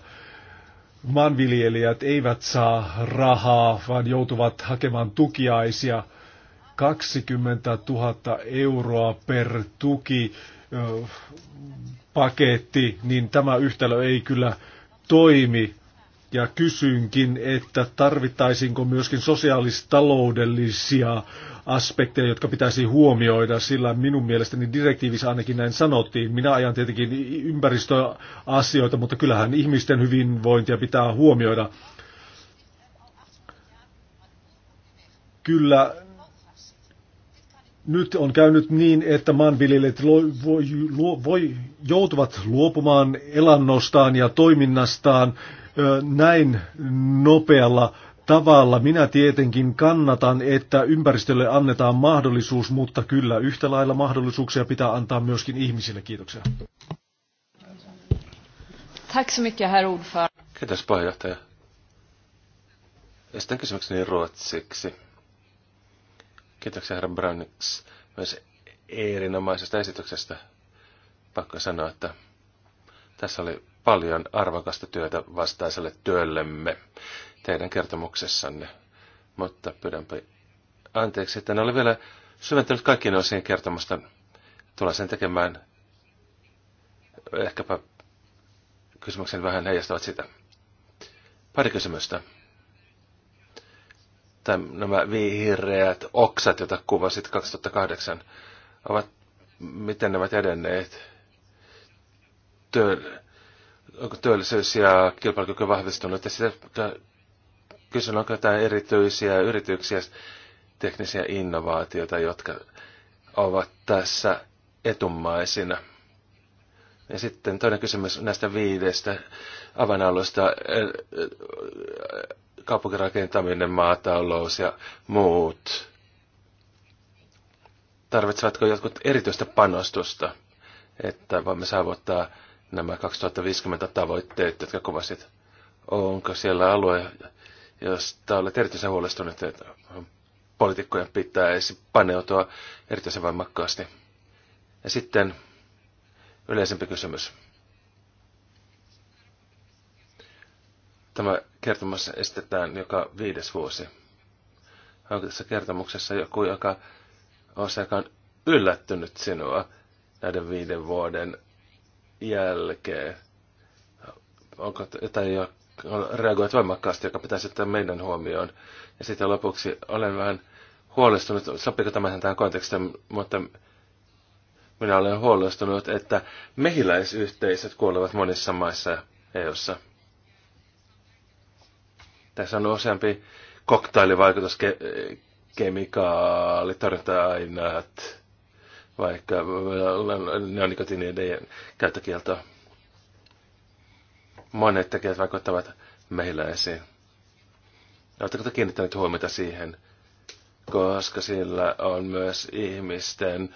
maanviljelijät eivät saa rahaa, vaan joutuvat hakemaan tukiaisia – 20 000 euroa per tuki paketti, niin tämä yhtälö ei kyllä toimi. Ja kysynkin, että tarvittaisinko myöskin sosiaalistaloudellisia aspekteja, jotka pitäisi huomioida, sillä minun mielestäni direktiivissä ainakin näin sanottiin. Minä ajan tietenkin ympäristöasioita, mutta kyllähän ihmisten hyvinvointia pitää huomioida. Kyllä nyt on käynyt niin, että maanviljelijät voi, voi, joutuvat luopumaan elannostaan ja toiminnastaan näin nopealla tavalla. Minä tietenkin kannatan, että ympäristölle annetaan mahdollisuus, mutta kyllä yhtä lailla mahdollisuuksia pitää antaa myöskin ihmisille. Kiitoksia.
Tack så mycket, herr ordförande.
Kiitos, puheenjohtaja. Esitän kysymykseni ruotsiksi. Kiitoksia herra Brannix myös erinomaisesta esityksestä. Pakko sanoa, että tässä oli paljon arvokasta työtä vastaiselle työllemme teidän kertomuksessanne. Mutta pyydänpä anteeksi, että en ole vielä syventänyt kaikkien osien kertomusta. Tulen sen tekemään. Ehkäpä kysymyksen vähän heijastavat sitä. Pari kysymystä täm nämä vihreät oksat, joita kuvasit 2008, ovat, miten ne ovat edenneet? Työ, onko työllisyys ja kilpailukyky vahvistunut? Ja sitä kysyn, onko jotain erityisiä yrityksiä, teknisiä innovaatioita, jotka ovat tässä etumaisina? Ja sitten toinen kysymys näistä viidestä avainalueista kaupunkirakentaminen, maatalous ja muut. Tarvitsevatko jotkut erityistä panostusta, että voimme saavuttaa nämä 2050 tavoitteet, jotka kuvasit? Onko siellä alue, josta olet erityisen huolestunut, että poliitikkojen pitäisi paneutua erityisen voimakkaasti? Ja sitten yleisempi kysymys. Tämä kertomus estetään joka viides vuosi. Onko tässä kertomuksessa joku, joka on sekaan yllättynyt sinua näiden viiden vuoden jälkeen? Onko jotain, joka reagoit voimakkaasti, joka pitäisi ottaa meidän huomioon? Ja sitten lopuksi olen vähän huolestunut, sopiko tämä tähän kontekstiin, mutta minä olen huolestunut, että mehiläisyhteisöt kuolevat monissa maissa EU:ssa. Tässä on useampi koktailivaikutus, ke- kemikaalit, torjunta-aineet, vaikka neonikotiinien käyttökielto. Monet tekijät vaikuttavat mehiläisiin. Oletteko te kiinnittäneet huomiota siihen, koska sillä on myös ihmisten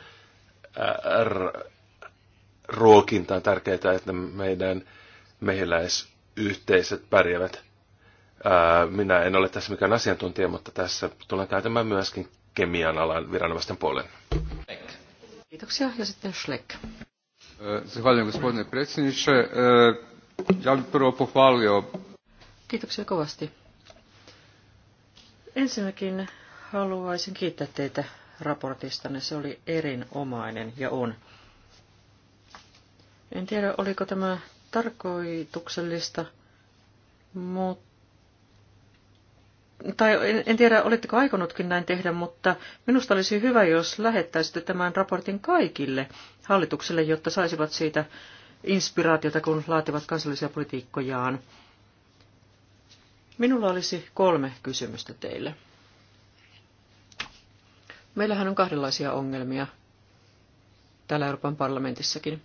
äh, ruokintaan tärkeää, että meidän mehiläisyhteisöt pärjäävät. Minä en ole tässä mikään asiantuntija, mutta tässä tulen käytämään myöskin kemian alan
viranomaisten puolen.
Kiitoksia. Ja sitten Schleck. Kiitoksia kovasti. Ensinnäkin haluaisin kiittää teitä raportistanne. Se oli erinomainen ja on. En tiedä, oliko tämä tarkoituksellista, mutta tai en, en tiedä, olitteko aikonutkin näin tehdä, mutta minusta olisi hyvä, jos lähettäisitte tämän raportin kaikille hallituksille, jotta saisivat siitä inspiraatiota, kun laativat kansallisia politiikkojaan. Minulla olisi kolme kysymystä teille. Meillähän on kahdenlaisia ongelmia täällä Euroopan parlamentissakin.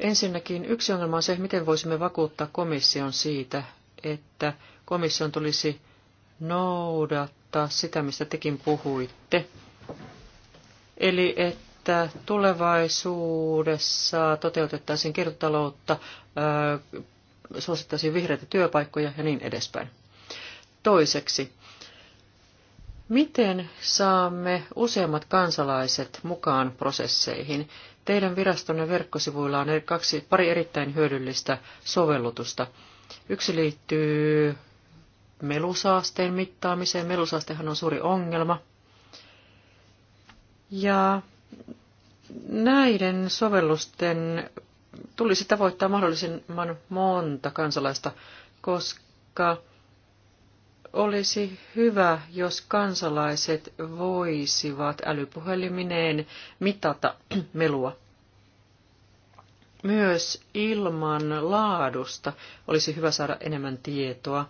Ensinnäkin yksi ongelma on se, miten voisimme vakuuttaa komission siitä, että komission tulisi noudattaa sitä, mistä tekin puhuitte. Eli että tulevaisuudessa toteutettaisiin kiertotaloutta, suosittaisiin vihreitä työpaikkoja ja niin edespäin. Toiseksi, miten saamme useammat kansalaiset mukaan prosesseihin? Teidän virastonne verkkosivuilla on kaksi, pari erittäin hyödyllistä sovellutusta. Yksi liittyy melusaasteen mittaamiseen. Melusaastehan on suuri ongelma. Ja näiden sovellusten tulisi tavoittaa mahdollisimman monta kansalaista, koska olisi hyvä, jos kansalaiset voisivat älypuhelimineen mitata melua. Myös ilman laadusta olisi hyvä saada enemmän tietoa.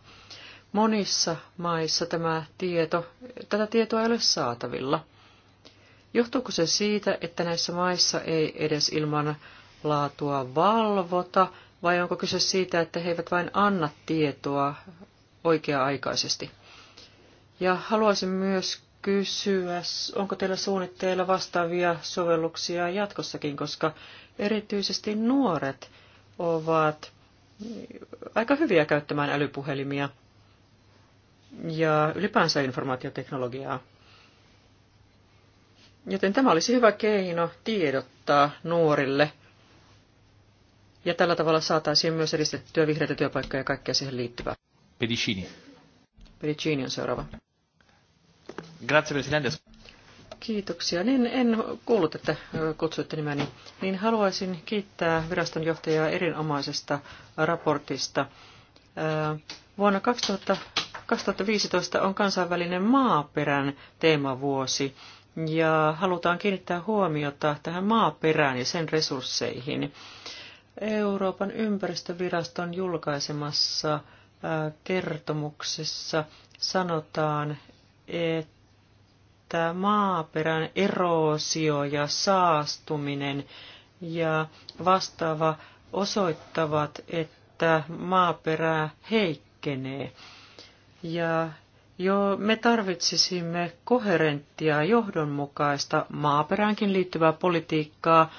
Monissa maissa tämä tieto, tätä tietoa ei ole saatavilla. Johtuuko se siitä, että näissä maissa ei edes ilman laatua valvota, vai onko kyse siitä, että he eivät vain anna tietoa oikea-aikaisesti? Ja haluaisin myös kysyä, onko teillä suunnitteilla vastaavia sovelluksia jatkossakin, koska erityisesti nuoret ovat aika hyviä käyttämään älypuhelimia ja ylipäänsä informaatioteknologiaa. Joten tämä olisi hyvä keino tiedottaa nuorille. Ja tällä tavalla saataisiin myös edistettyä vihreitä työpaikkoja ja kaikkea siihen liittyvää. Pedicini. Pedicini on seuraava.
Grazie, Presidente.
Kiitoksia. Niin, en kuullut, että kutsuitte nimeni. Niin haluaisin kiittää viraston johtajaa erinomaisesta raportista. Vuonna 2000 2015 on kansainvälinen maaperän teemavuosi ja halutaan kiinnittää huomiota tähän maaperään ja sen resursseihin. Euroopan ympäristöviraston julkaisemassa äh, kertomuksessa sanotaan, että maaperän eroosio ja saastuminen ja vastaava osoittavat, että maaperä heikkenee. Ja jo me tarvitsisimme koherenttia, johdonmukaista maaperäänkin liittyvää politiikkaa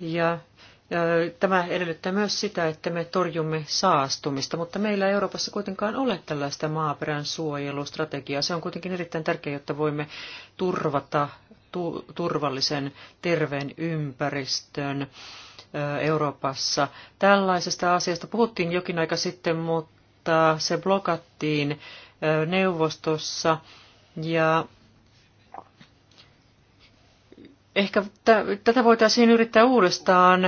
ja Tämä edellyttää myös sitä, että me torjumme saastumista, mutta meillä Euroopassa kuitenkaan ole tällaista maaperän suojelustrategiaa. Se on kuitenkin erittäin tärkeää, jotta voimme turvata tu- turvallisen, terveen ympäristön Euroopassa. Tällaisesta asiasta puhuttiin jokin aika sitten, mutta kertaa Se blokattiin neuvostossa ja ehkä tätä voitaisiin yrittää uudestaan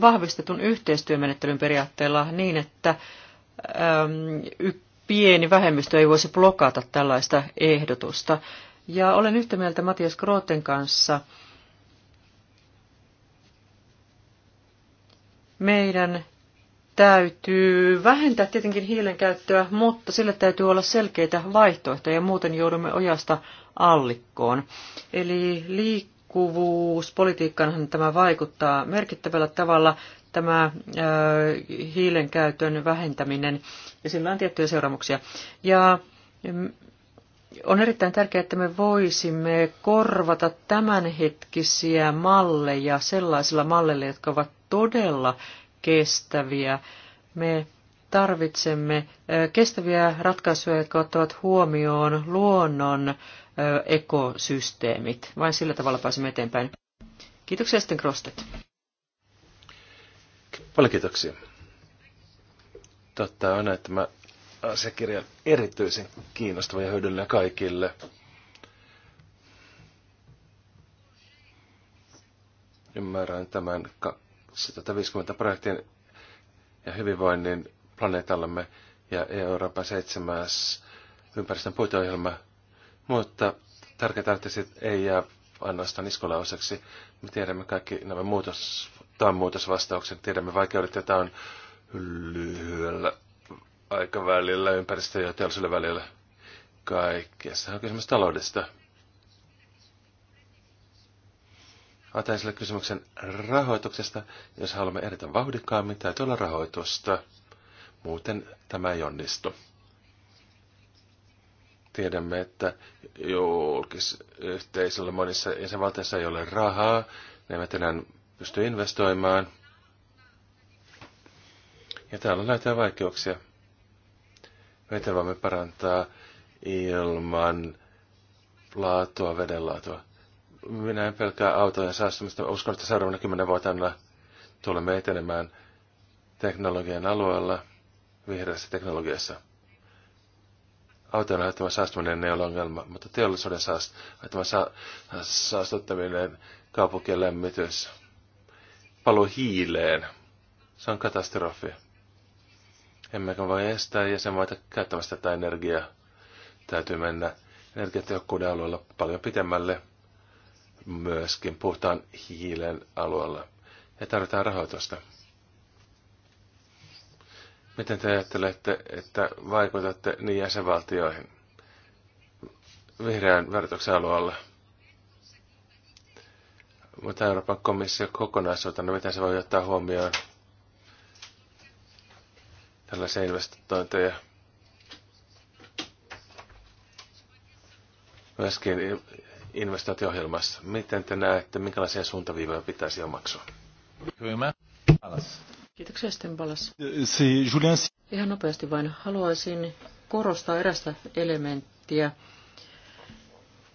vahvistetun yhteistyömenettelyn periaatteella niin, että pieni vähemmistö ei voisi blokata tällaista ehdotusta. Ja olen yhtä mieltä Matias Grooten kanssa. Meidän täytyy vähentää tietenkin hiilen käyttöä, mutta sille täytyy olla selkeitä vaihtoehtoja, muuten joudumme ojasta allikkoon. Eli liikkuvuuspolitiikkaanhan tämä vaikuttaa merkittävällä tavalla, tämä ö, hiilen käytön vähentäminen, ja sillä on tiettyjä seuraamuksia. Ja mm, on erittäin tärkeää, että me voisimme korvata tämänhetkisiä malleja sellaisilla malleilla, jotka ovat todella kestäviä. Me tarvitsemme kestäviä ratkaisuja, jotka ottavat huomioon luonnon ekosysteemit. Vain sillä tavalla pääsemme eteenpäin. Kiitoksia sitten Krostet.
Paljon kiitoksia. Totta on, että tämä
asiakirja on
erityisen kiinnostava ja hyödyllinen kaikille. Ymmärrän tämän ka- 150 projektin ja hyvinvoinnin planeetallamme ja Euroopan seitsemäs ympäristön puitoohjelma. mutta tärkeää että se ei jää ainoastaan osaksi. Me tiedämme kaikki nämä muutos, tämän muutosvastaukset, tiedämme vaikeudet, tämä on lyhyellä aikavälillä, ympäristö- ja teollisuuden välillä. Kaikessa on kysymys taloudesta. Otan sille kysymyksen rahoituksesta, jos haluamme edetä vauhdikkaammin, täytyy olla rahoitusta. Muuten tämä ei onnistu. Tiedämme, että julkisyhteisöllä monissa jäsenvaltioissa ei ole rahaa, ne eivät enää pysty investoimaan. Ja täällä on näitä vaikeuksia. Meitä voimme parantaa ilman laatua, vedenlaatua. Minä en pelkää autojen saastumista. Uskon, että seuraavana kymmenen vuotena tulemme etenemään teknologian alueella, vihreässä teknologiassa. Autojen aiheuttama saastuminen ei ole ongelma, mutta teollisuuden aiheuttama sa- saastuttaminen, kaupunkien lämmitys, palo hiileen, se on katastrofi. Emmekä voi estää jäsenmaita käyttämästä tätä energiaa. Täytyy mennä energiatehokkuuden alueella paljon pitemmälle – myöskin Puhutaan hiilen alueella. Ja tarvitaan rahoitusta. Miten te ajattelette, että vaikutatte niin jäsenvaltioihin vihreän verotuksen alueella? Mutta Euroopan komissio kokonaisuutena, mitä se voi ottaa huomioon tällaisia investointeja? Myöskin investointiohjelmassa. Miten te näette, minkälaisia suuntaviivoja pitäisi omaksua?
Kiitoksia sitten palas. Ihan nopeasti vain haluaisin korostaa erästä elementtiä,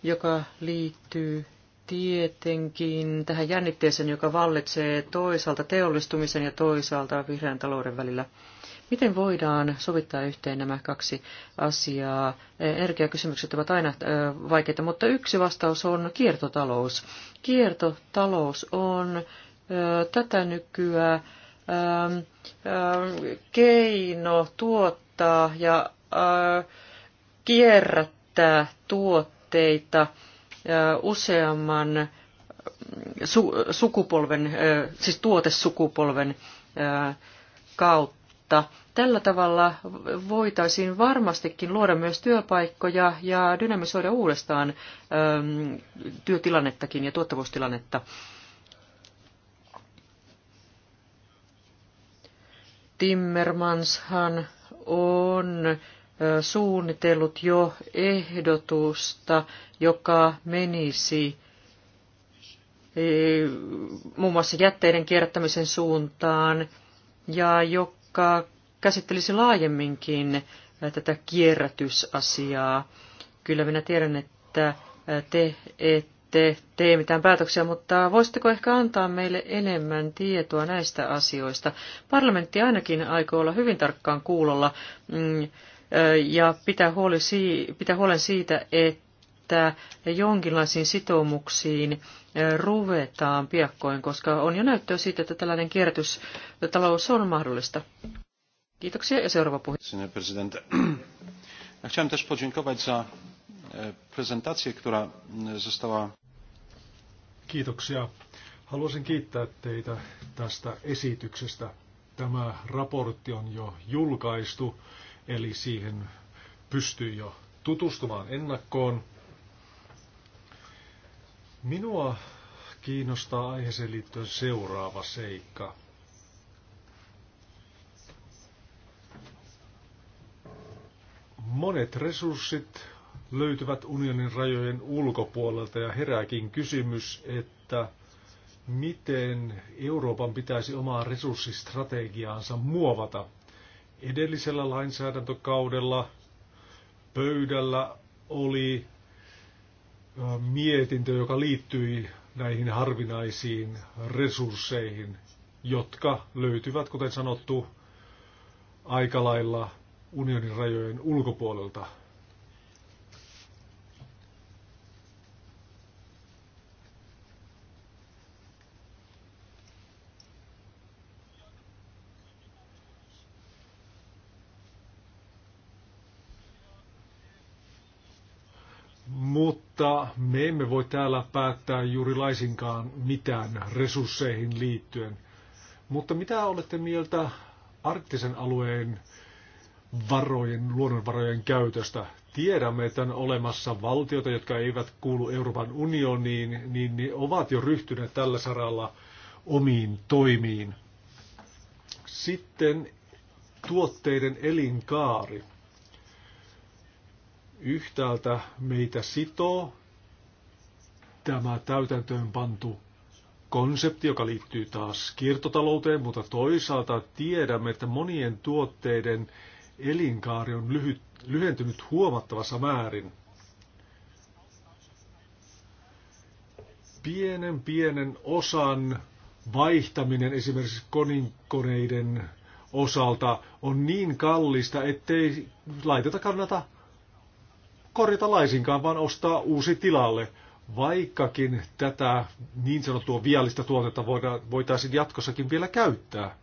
joka liittyy tietenkin tähän jännitteeseen, joka vallitsee toisaalta teollistumisen ja toisaalta vihreän talouden välillä. Miten voidaan sovittaa yhteen nämä kaksi asiaa? Energiakysymykset ovat aina vaikeita, mutta yksi vastaus on kiertotalous. Kiertotalous on tätä nykyä keino tuottaa ja kierrättää tuotteita useamman sukupolven, siis tuotesukupolven kautta mutta Tällä tavalla voitaisiin varmastikin luoda myös työpaikkoja ja dynamisoida uudestaan äm, työtilannettakin ja tuottavuustilannetta. Timmermanshan on äh, suunnitellut jo ehdotusta, joka menisi äh, muun muassa jätteiden kierrättämisen suuntaan ja joka joka käsittelisi laajemminkin tätä kierrätysasiaa. Kyllä minä tiedän, että te ette tee mitään päätöksiä, mutta voisitteko ehkä antaa meille enemmän tietoa näistä asioista? Parlamentti ainakin aikoo olla hyvin tarkkaan kuulolla mm, ja pitää, huoli, pitää huolen siitä, että että jonkinlaisiin sitoumuksiin eh, ruvetaan piakkoin, koska on jo näyttöä siitä, että tällainen kierrätystalous on mahdollista. Kiitoksia ja seuraava puhe.
Chciałem też podziękować za eh, prezentację, która mm, została...
Kiitoksia. Haluaisin kiittää teitä tästä esityksestä. Tämä raportti on jo julkaistu, eli siihen pystyy jo tutustumaan ennakkoon. Minua kiinnostaa aiheeseen liittyen seuraava seikka. Monet resurssit löytyvät unionin rajojen ulkopuolelta ja herääkin kysymys, että miten Euroopan pitäisi omaa resurssistrategiaansa muovata. Edellisellä lainsäädäntökaudella pöydällä oli mietintö, joka liittyi näihin harvinaisiin resursseihin, jotka löytyvät, kuten sanottu, aika lailla unionin rajojen ulkopuolelta. mutta me emme voi täällä päättää juuri laisinkaan mitään resursseihin liittyen. Mutta mitä olette mieltä arktisen alueen varojen, luonnonvarojen käytöstä? Tiedämme, että on olemassa valtioita, jotka eivät kuulu Euroopan unioniin, niin ne ovat jo ryhtyneet tällä saralla omiin toimiin. Sitten tuotteiden elinkaari. Yhtäältä meitä sitoo tämä täytäntöön pantu konsepti, joka liittyy taas kiertotalouteen, mutta toisaalta tiedämme, että monien tuotteiden elinkaari on lyhyt, lyhentynyt huomattavassa määrin. Pienen pienen osan vaihtaminen esimerkiksi koninkoneiden osalta on niin kallista, ettei laiteta kannata korjata laisinkaan, vaan ostaa uusi tilalle. Vaikkakin tätä niin sanottua viallista tuotetta voitaisiin jatkossakin vielä käyttää.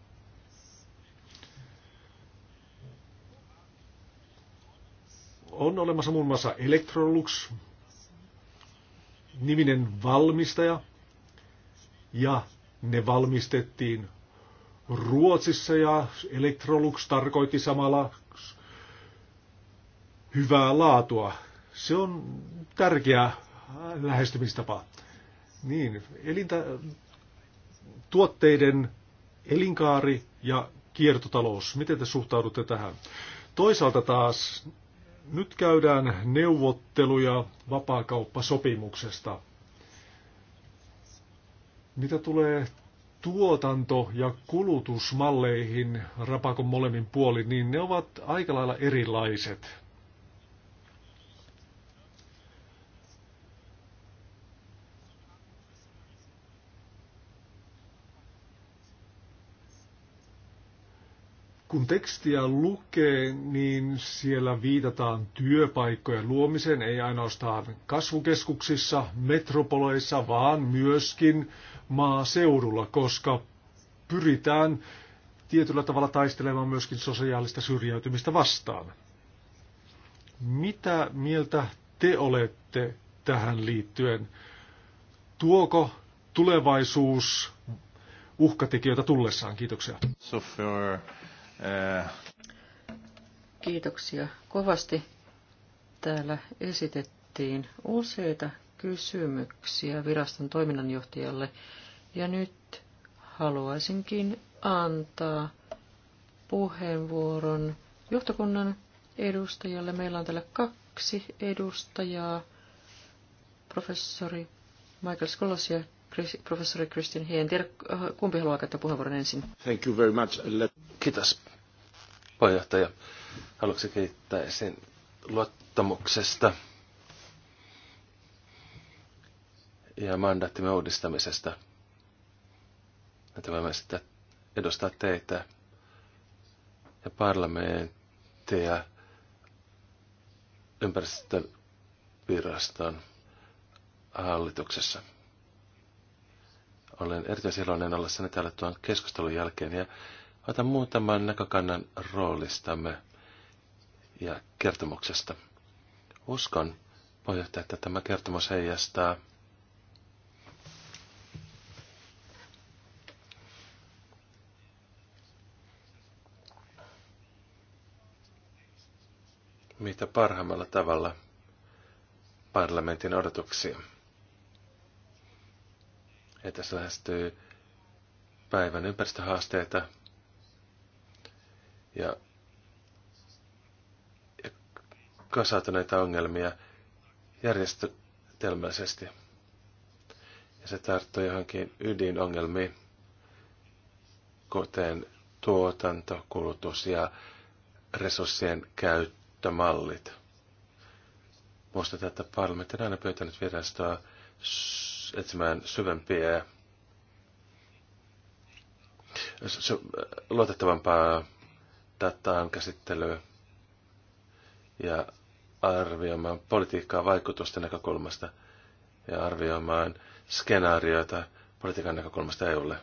On olemassa muun muassa Electrolux, niminen valmistaja, ja ne valmistettiin Ruotsissa ja Electrolux tarkoitti samalla hyvää laatua. Se on tärkeä lähestymistapa. Niin, elintä, tuotteiden elinkaari ja kiertotalous. Miten te suhtaudutte tähän? Toisaalta taas nyt käydään neuvotteluja vapaakauppasopimuksesta. Mitä tulee tuotanto- ja kulutusmalleihin Rapakon molemmin puolin, niin ne ovat aika lailla erilaiset. kun tekstiä lukee, niin siellä viitataan työpaikkojen luomiseen, ei ainoastaan kasvukeskuksissa, metropoleissa, vaan myöskin maaseudulla, koska pyritään tietyllä tavalla taistelemaan myöskin sosiaalista syrjäytymistä vastaan. Mitä mieltä te olette tähän liittyen? Tuoko tulevaisuus uhkatekijöitä tullessaan? Kiitoksia. So for
Kiitoksia kovasti. Täällä esitettiin useita kysymyksiä viraston toiminnanjohtajalle ja nyt haluaisinkin antaa puheenvuoron johtokunnan edustajalle. Meillä on täällä kaksi edustajaa, professori Michael Scholos ja professori Kristin Hien. tiedä, kumpi haluaa käyttää puheenvuoron ensin.
Thank you very much. Let... Kiitos, puheenjohtaja. kiittää esiin luottamuksesta ja mandaattimme uudistamisesta. Että voimme sitä edustaa teitä ja parlamenttia ympäristöviraston hallituksessa. Olen erityisen iloinen ollessani täällä tuon keskustelun jälkeen ja Otan muutaman näkökannan roolistamme ja kertomuksesta. Uskon, puheenjohtaja, että tämä kertomus heijastaa mitä parhaimmalla tavalla parlamentin odotuksia. Että se lähestyy päivän ympäristöhaasteita, ja, ja kasautuneita ongelmia järjestelmällisesti. Ja se tarttuu johonkin ydinongelmiin, kuten tuotanto, kulutus ja resurssien käyttömallit. Muista, että parlamentti on aina pyytänyt virastoa etsimään syvempiä ja luotettavampaa datan käsittelyä ja arvioimaan politiikkaa vaikutusten näkökulmasta ja arvioimaan skenaarioita politiikan näkökulmasta EUlle.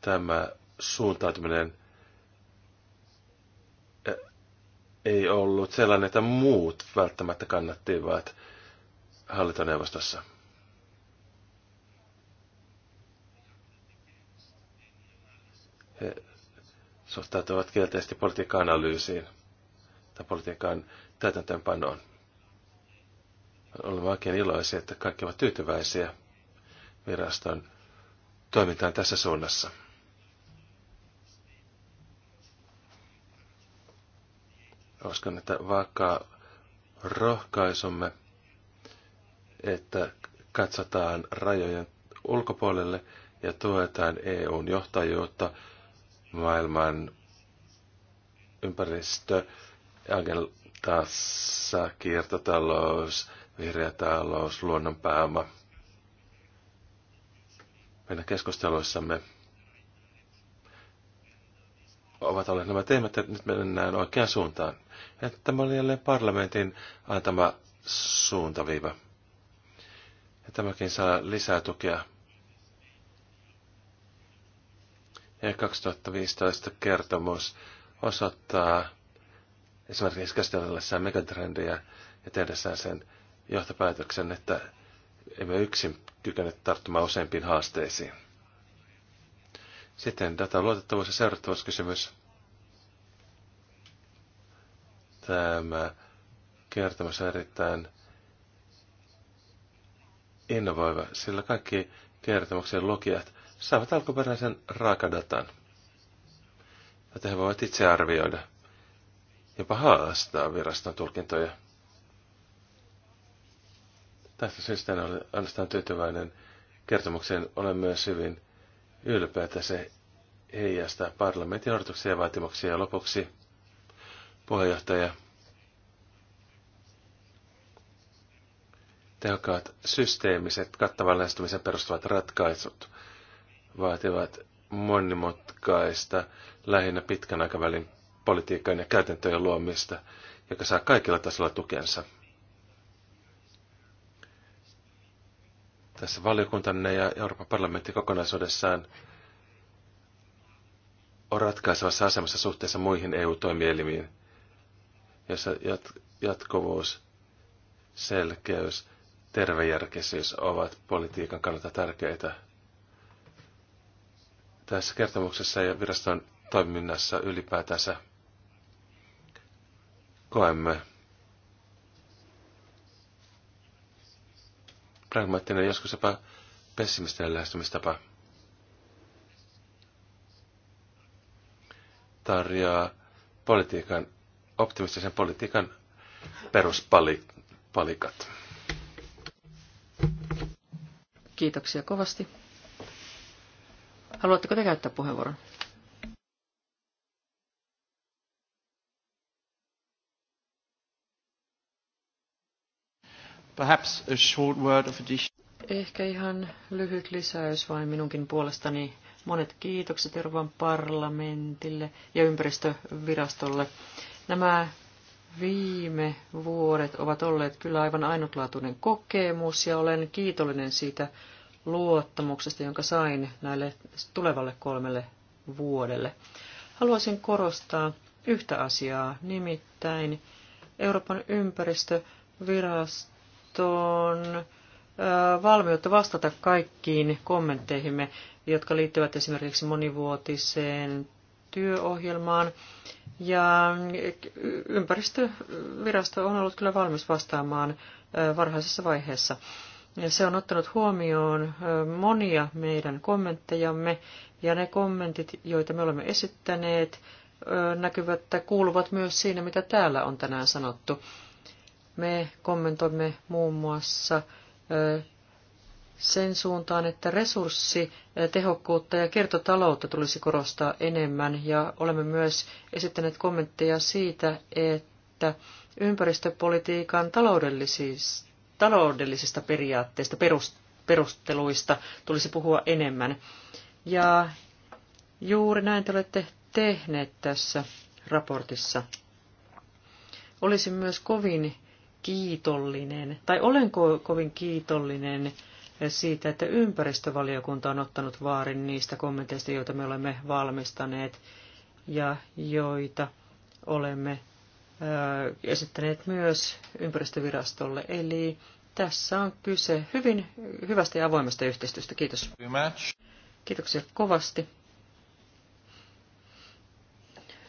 Tämä suuntautuminen e, ei ollut sellainen, että muut välttämättä kannattivat hallintoneuvostossa. He suhtautuvat kielteisesti politiikan analyysiin tai politiikan täytäntöönpanoon. Olemme oikein iloisia, että kaikki ovat tyytyväisiä viraston toimintaan tässä suunnassa. Uskon, että vaikka rohkaisumme, että katsotaan rajojen ulkopuolelle ja tuetaan EUn johtajuutta maailman ympäristö, agentassa, kiertotalous, vihreä talous, luonnon pääoma. Meidän keskusteluissamme ovat olleet nämä teemat, että nyt mennään oikeaan suuntaan. Ja tämä oli jälleen parlamentin antama suuntaviiva. Ja tämäkin saa lisää tukea Ja 2015 kertomus osoittaa esimerkiksi käsitellessään megatrendejä ja tehdessään sen johtopäätöksen, että emme yksin kykene tarttumaan useimpiin haasteisiin. Sitten datan luotettavuus ja seurattavuuskysymys. Tämä kertomus on erittäin innovoiva, sillä kaikki kertomuksen lukijat saavat alkuperäisen raakadatan, jota he voivat itse arvioida, jopa haastaa viraston tulkintoja. Tästä syystä en ole ainoastaan tyytyväinen kertomukseen, olen myös hyvin ylpeä, että se heijastaa parlamentin odotuksia ja vaatimuksia. Ja lopuksi puheenjohtaja. Tehokkaat systeemiset kattavan lähestymisen perustuvat ratkaisut vaativat monimutkaista, lähinnä pitkän aikavälin politiikan ja käytäntöjen luomista, joka saa kaikilla tasolla tukensa. Tässä valiokuntanne ja Euroopan parlamentti kokonaisuudessaan on ratkaisevassa asemassa suhteessa muihin EU-toimielimiin, jossa jat- jatkuvuus, selkeys, tervejärkisyys ovat politiikan kannalta tärkeitä tässä kertomuksessa ja viraston toiminnassa ylipäätänsä koemme. Pragmaattinen, joskus jopa pessimistinen lähestymistapa tarjoaa politiikan, optimistisen politiikan peruspalikat.
Kiitoksia kovasti. Haluatteko te käyttää puheenvuoron?
Perhaps a short word of addition.
Ehkä ihan lyhyt lisäys vain minunkin puolestani. Monet kiitokset Euroopan parlamentille ja ympäristövirastolle. Nämä viime vuodet ovat olleet kyllä aivan ainutlaatuinen kokemus ja olen kiitollinen siitä luottamuksesta, jonka sain näille tulevalle kolmelle vuodelle. Haluaisin korostaa yhtä asiaa, nimittäin Euroopan ympäristöviraston valmiutta vastata kaikkiin kommentteihimme, jotka liittyvät esimerkiksi monivuotiseen työohjelmaan. Ja ympäristövirasto on ollut kyllä valmis vastaamaan varhaisessa vaiheessa. Se on ottanut huomioon monia meidän kommenttejamme ja ne kommentit, joita me olemme esittäneet, näkyvät tai kuuluvat myös siinä, mitä täällä on tänään sanottu. Me kommentoimme muun muassa sen suuntaan, että tehokkuutta ja kertotaloutta tulisi korostaa enemmän. Ja olemme myös esittäneet kommentteja siitä, että ympäristöpolitiikan taloudellisista taloudellisista periaatteista, perusteluista tulisi puhua enemmän. Ja juuri näin te olette tehneet tässä raportissa. Olisin myös kovin kiitollinen, tai olen ko- kovin kiitollinen siitä, että ympäristövaliokunta on ottanut vaarin niistä kommenteista, joita me olemme valmistaneet ja joita olemme esittäneet myös ympäristövirastolle. Eli tässä on kyse hyvin hyvästä ja avoimesta yhteistyöstä. Kiitos. Kiitoksia kovasti.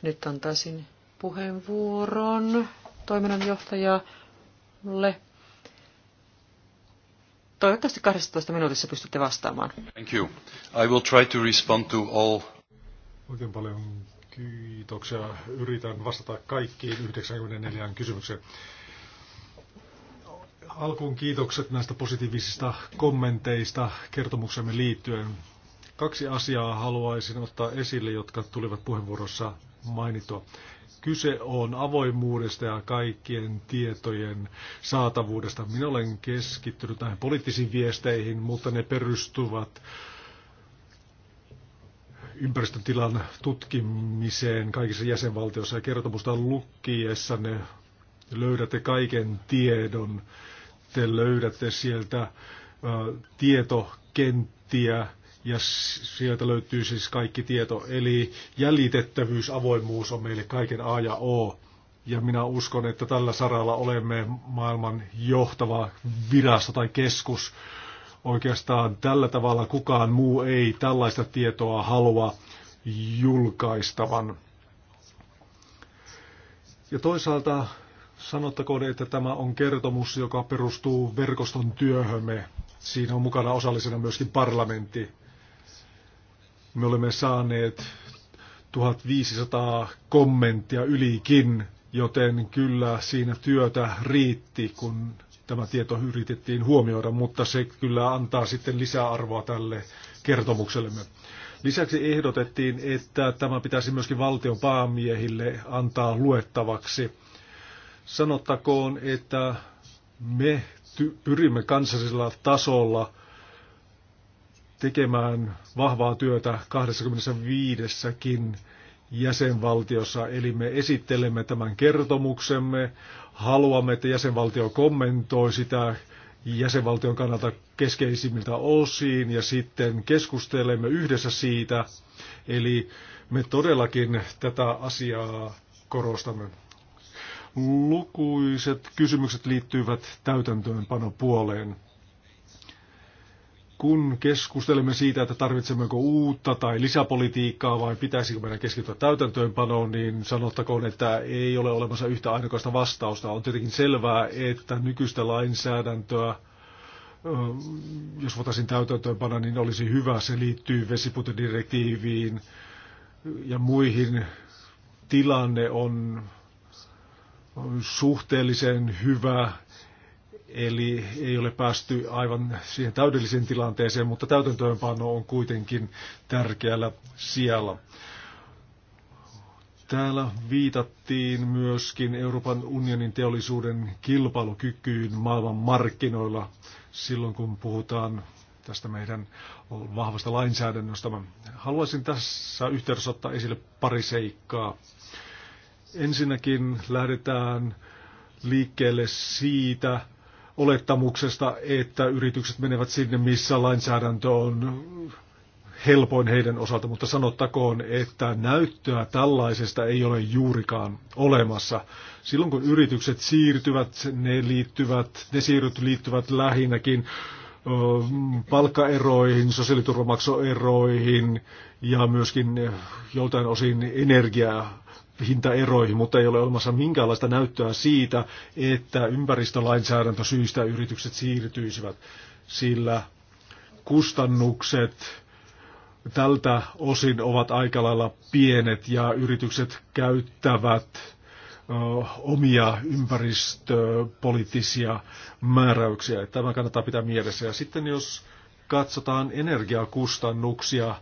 Nyt antaisin puheenvuoron toiminnanjohtajalle. Toivottavasti 12 minuutissa pystytte vastaamaan.
Thank you. I will try to respond to all.
Oikein paljon Kiitoksia. Yritän vastata kaikkiin 94 kysymykseen. Alkuun kiitokset näistä positiivisista kommenteista kertomuksemme liittyen. Kaksi asiaa haluaisin ottaa esille, jotka tulivat puheenvuorossa mainittua. Kyse on avoimuudesta ja kaikkien tietojen saatavuudesta. Minä olen keskittynyt näihin poliittisiin viesteihin, mutta ne perustuvat äh, ympäristötilan tutkimiseen kaikissa jäsenvaltioissa ja kertomusta lukiessanne löydätte kaiken tiedon. Te löydätte sieltä äh, tietokenttiä ja sieltä löytyy siis kaikki tieto. Eli jäljitettävyys, avoimuus on meille kaiken A ja O. Ja minä uskon, että tällä saralla olemme maailman johtava virasto tai keskus Oikeastaan tällä tavalla kukaan muu ei tällaista tietoa halua julkaistavan. Ja toisaalta sanottakoon, että tämä on kertomus, joka perustuu verkoston työhömme. Siinä on mukana osallisena myöskin parlamentti. Me olemme saaneet 1500 kommenttia ylikin, joten kyllä siinä työtä riitti, kun tämä tieto yritettiin huomioida, mutta se kyllä antaa sitten lisäarvoa tälle kertomuksellemme. Lisäksi ehdotettiin, että tämä pitäisi myöskin valtion päämiehille antaa luettavaksi. Sanottakoon, että me pyrimme kansallisella tasolla tekemään vahvaa työtä 25kin jäsenvaltiossa, eli me esittelemme tämän kertomuksemme, haluamme, että jäsenvaltio kommentoi sitä jäsenvaltion kannalta keskeisimmiltä osiin ja sitten keskustelemme yhdessä siitä. Eli me todellakin tätä asiaa korostamme. Lukuiset kysymykset liittyvät täytäntöönpanopuoleen. puoleen kun keskustelemme siitä, että tarvitsemmeko uutta tai lisäpolitiikkaa vai pitäisikö meidän keskittyä täytäntöönpanoon, niin sanottakoon, että ei ole olemassa yhtä ainokaista vastausta. On tietenkin selvää, että nykyistä lainsäädäntöä, jos voitaisiin täytäntöönpana, niin olisi hyvä. Se liittyy vesiputedirektiiviin ja muihin. Tilanne on suhteellisen hyvä Eli ei ole päästy aivan siihen täydelliseen tilanteeseen, mutta täytäntöönpano on kuitenkin tärkeällä siellä. Täällä viitattiin myöskin Euroopan unionin teollisuuden kilpailukykyyn maailman markkinoilla silloin, kun puhutaan tästä meidän vahvasta lainsäädännöstä. Haluaisin tässä yhteydessä ottaa esille pari seikkaa. Ensinnäkin lähdetään liikkeelle siitä, olettamuksesta, että yritykset menevät sinne, missä lainsäädäntö on helpoin heidän osalta, mutta sanottakoon, että näyttöä tällaisesta ei ole juurikaan olemassa. Silloin kun yritykset siirtyvät, ne liittyvät, ne siirryt liittyvät lähinnäkin palkkaeroihin, sosiaaliturvamaksoeroihin ja myöskin joltain osin energiaa hintaeroihin, mutta ei ole olemassa minkäänlaista näyttöä siitä, että syistä yritykset siirtyisivät, sillä kustannukset tältä osin ovat aika lailla pienet ja yritykset käyttävät omia ympäristöpoliittisia määräyksiä. Tämä kannattaa pitää mielessä. Ja sitten jos katsotaan energiakustannuksia,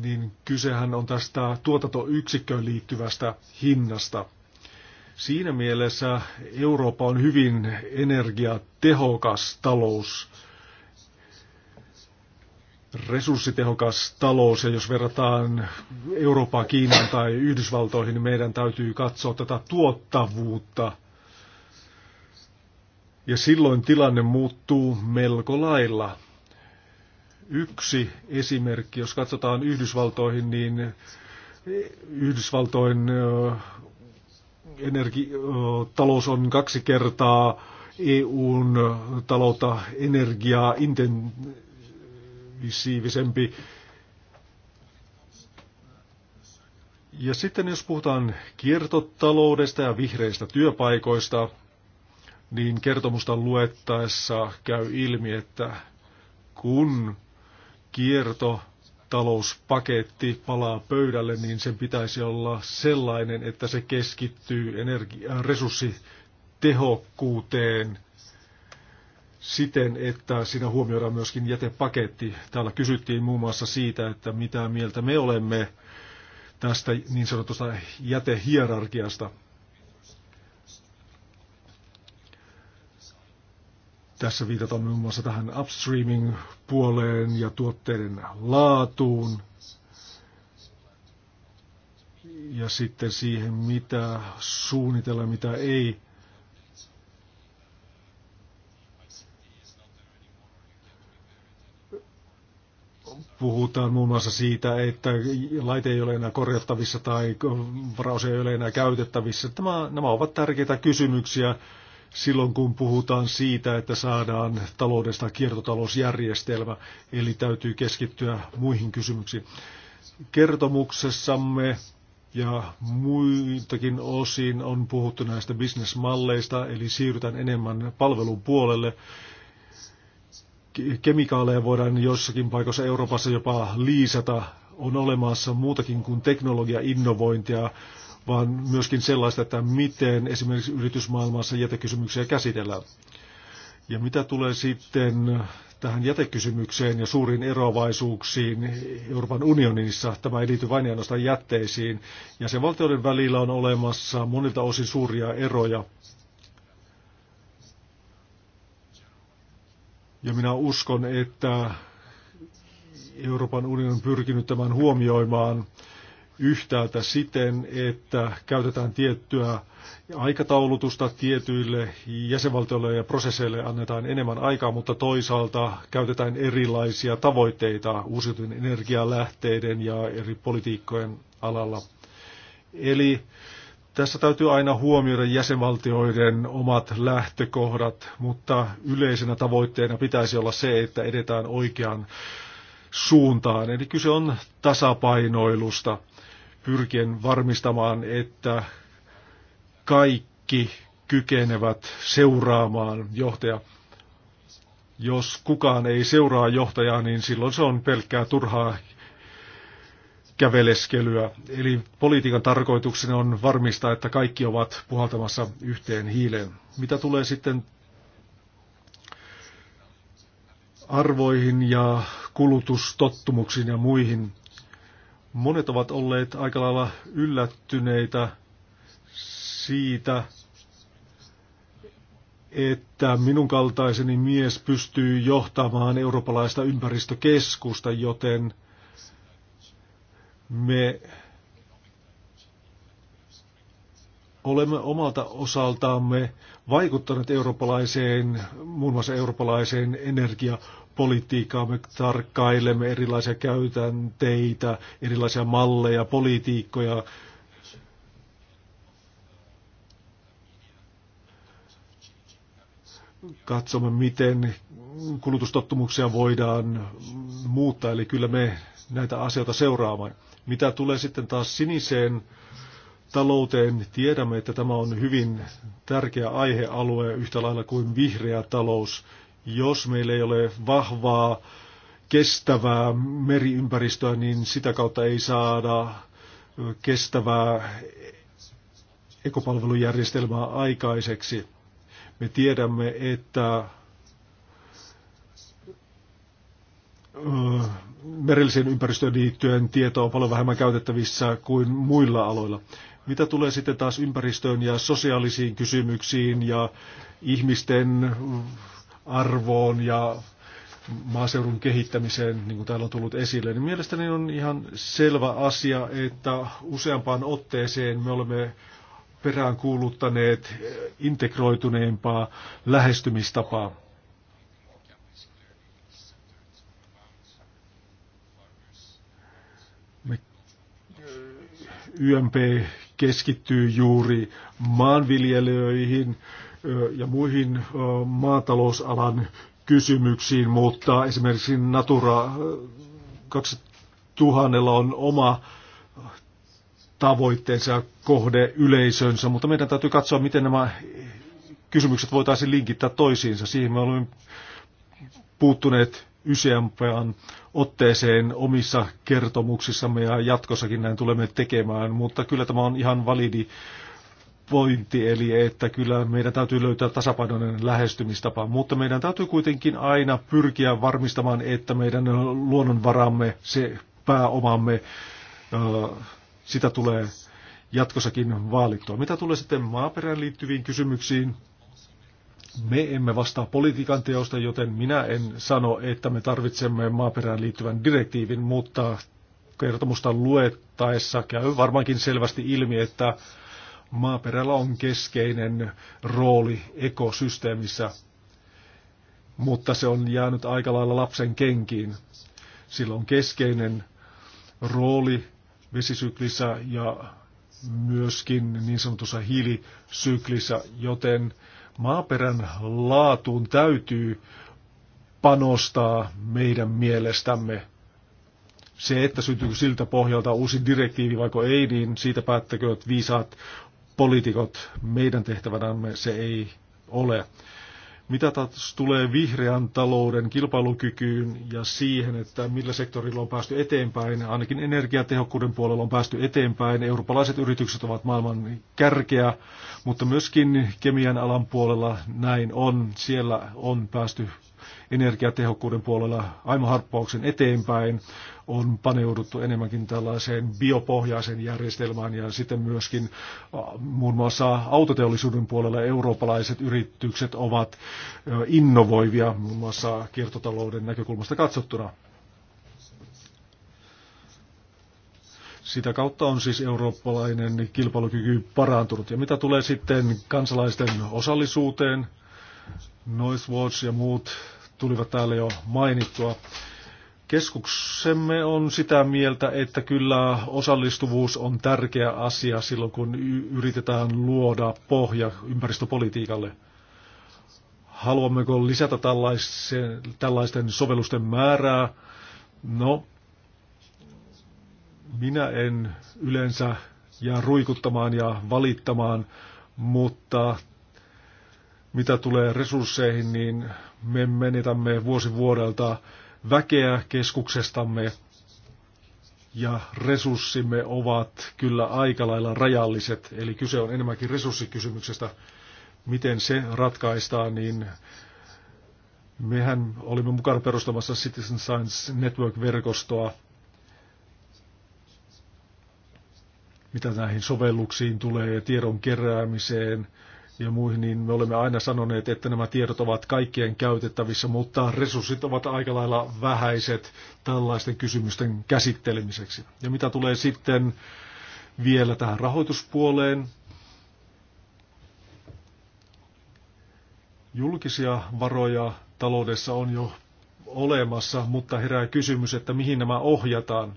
niin kysehän on tästä tuotantoyksikköön liittyvästä hinnasta. Siinä mielessä Eurooppa on hyvin energiatehokas talous, resurssitehokas talous, ja jos verrataan Eurooppaa Kiinaan tai Yhdysvaltoihin, niin meidän täytyy katsoa tätä tuottavuutta. Ja silloin tilanne muuttuu melko lailla yksi esimerkki. Jos katsotaan Yhdysvaltoihin, niin Yhdysvaltojen energi- talous on kaksi kertaa EUn taloutta energiaa intensiivisempi. Ja sitten jos puhutaan kiertotaloudesta ja vihreistä työpaikoista, niin kertomusta luettaessa käy ilmi, että kun kierto talouspaketti palaa pöydälle, niin sen pitäisi olla sellainen, että se keskittyy energia- äh, resurssitehokkuuteen siten, että siinä huomioidaan myöskin jätepaketti. Täällä kysyttiin muun muassa siitä, että mitä mieltä me olemme tästä niin sanotusta jätehierarkiasta. Tässä viitataan muun muassa tähän upstreaming-puoleen ja tuotteiden laatuun ja sitten siihen, mitä suunnitella, mitä ei. Puhutaan muun muassa siitä, että laite ei ole enää korjattavissa tai varaus ei ole enää käytettävissä. Tämä, nämä ovat tärkeitä kysymyksiä, silloin, kun puhutaan siitä, että saadaan taloudesta kiertotalousjärjestelmä, eli täytyy keskittyä muihin kysymyksiin. Kertomuksessamme ja muitakin osin on puhuttu näistä bisnesmalleista, eli siirrytään enemmän palvelun puolelle. Kemikaaleja voidaan jossakin paikassa Euroopassa jopa liisata. On olemassa muutakin kuin teknologiainnovointia. innovointia vaan myöskin sellaista, että miten esimerkiksi yritysmaailmassa jätekysymyksiä käsitellään. Ja mitä tulee sitten tähän jätekysymykseen ja suuriin eroavaisuuksiin Euroopan unionissa, tämä ei liity vain ainoastaan jätteisiin. Ja sen valtioiden välillä on olemassa monilta osin suuria eroja. Ja minä uskon, että Euroopan unioni on pyrkinyt tämän huomioimaan yhtäältä siten, että käytetään tiettyä aikataulutusta tietyille jäsenvaltioille ja prosesseille annetaan enemmän aikaa, mutta toisaalta käytetään erilaisia tavoitteita uusiutuvien energialähteiden ja eri politiikkojen alalla. Eli tässä täytyy aina huomioida jäsenvaltioiden omat lähtökohdat, mutta yleisenä tavoitteena pitäisi olla se, että edetään oikeaan suuntaan. Eli kyse on tasapainoilusta pyrkien varmistamaan, että kaikki kykenevät seuraamaan johtaja. Jos kukaan ei seuraa johtajaa, niin silloin se on pelkkää turhaa käveleskelyä. Eli politiikan tarkoituksena on varmistaa, että kaikki ovat puhaltamassa yhteen hiileen. Mitä tulee sitten arvoihin ja kulutustottumuksiin ja muihin, Monet ovat olleet aika lailla yllättyneitä siitä, että minun kaltaiseni mies pystyy johtamaan eurooppalaista ympäristökeskusta, joten me olemme omalta osaltaamme vaikuttaneet eurooppalaiseen, muun muassa eurooppalaiseen energia- politiikkaa, me tarkkailemme erilaisia käytänteitä, erilaisia malleja, politiikkoja. Katsomme, miten kulutustottumuksia voidaan muuttaa, eli kyllä me näitä asioita seuraamaan. Mitä tulee sitten taas siniseen talouteen, tiedämme, että tämä on hyvin tärkeä aihealue yhtä lailla kuin vihreä talous jos meillä ei ole vahvaa, kestävää meriympäristöä, niin sitä kautta ei saada kestävää ekopalvelujärjestelmää aikaiseksi. Me tiedämme, että merelliseen ympäristöön liittyen tietoa on paljon vähemmän käytettävissä kuin muilla aloilla. Mitä tulee sitten taas ympäristöön ja sosiaalisiin kysymyksiin ja ihmisten arvoon ja maaseudun kehittämiseen, niin kuin täällä on tullut esille, niin mielestäni on ihan selvä asia, että useampaan otteeseen me olemme peräänkuuluttaneet integroituneempaa lähestymistapaa. YMP keskittyy juuri maanviljelijöihin, ja muihin maatalousalan kysymyksiin, mutta esimerkiksi Natura 2000 on oma tavoitteensa ja kohde yleisönsä, mutta meidän täytyy katsoa, miten nämä kysymykset voitaisiin linkittää toisiinsa. Siihen me olemme puuttuneet useampaan otteeseen omissa kertomuksissamme ja jatkossakin näin tulemme tekemään, mutta kyllä tämä on ihan validi pointti, eli että kyllä meidän täytyy löytää tasapainoinen lähestymistapa, mutta meidän täytyy kuitenkin aina pyrkiä varmistamaan, että meidän luonnonvaramme, se pääomamme, sitä tulee jatkossakin vaalittua. Mitä tulee sitten maaperään liittyviin kysymyksiin, me emme vastaa politiikan teosta, joten minä en sano, että me tarvitsemme maaperään liittyvän direktiivin, mutta kertomusta luettaessa käy varmaankin selvästi ilmi, että maaperällä on keskeinen rooli ekosysteemissä, mutta se on jäänyt aika lailla lapsen kenkiin. Sillä on keskeinen rooli vesisyklissä ja myöskin niin sanotussa hiilisyklissä, joten maaperän laatuun täytyy panostaa meidän mielestämme. Se, että syntyykö siltä pohjalta uusi direktiivi vaiko ei, niin siitä päättäkööt viisaat poliitikot, meidän tehtävänämme se ei ole. Mitä taas tulee vihreän talouden kilpailukykyyn ja siihen, että millä sektorilla on päästy eteenpäin, ainakin energiatehokkuuden puolella on päästy eteenpäin. Eurooppalaiset yritykset ovat maailman kärkeä, mutta myöskin kemian alan puolella näin on. Siellä on päästy energiatehokkuuden puolella aivan harppauksen eteenpäin on paneuduttu enemmänkin tällaiseen biopohjaiseen järjestelmään ja sitten myöskin muun muassa autoteollisuuden puolella eurooppalaiset yritykset ovat innovoivia muun muassa kiertotalouden näkökulmasta katsottuna. Sitä kautta on siis eurooppalainen kilpailukyky parantunut. Ja mitä tulee sitten kansalaisten osallisuuteen, Noise ja muut tulivat täällä jo mainittua. Keskuksemme on sitä mieltä, että kyllä osallistuvuus on tärkeä asia silloin, kun yritetään luoda pohja ympäristöpolitiikalle. Haluammeko lisätä tällaisten sovellusten määrää? No, minä en yleensä jää ruikuttamaan ja valittamaan, mutta mitä tulee resursseihin, niin me menetämme vuosi vuodelta väkeä keskuksestamme ja resurssimme ovat kyllä aika lailla rajalliset. Eli kyse on enemmänkin resurssikysymyksestä, miten se ratkaistaan, niin mehän olimme mukana perustamassa Citizen Science Network-verkostoa, mitä näihin sovelluksiin tulee ja tiedon keräämiseen – ja muihin, niin me olemme aina sanoneet, että nämä tiedot ovat kaikkien käytettävissä, mutta resurssit ovat aika lailla vähäiset tällaisten kysymysten käsittelemiseksi. Ja mitä tulee sitten vielä tähän rahoituspuoleen, julkisia varoja taloudessa on jo olemassa, mutta herää kysymys, että mihin nämä ohjataan.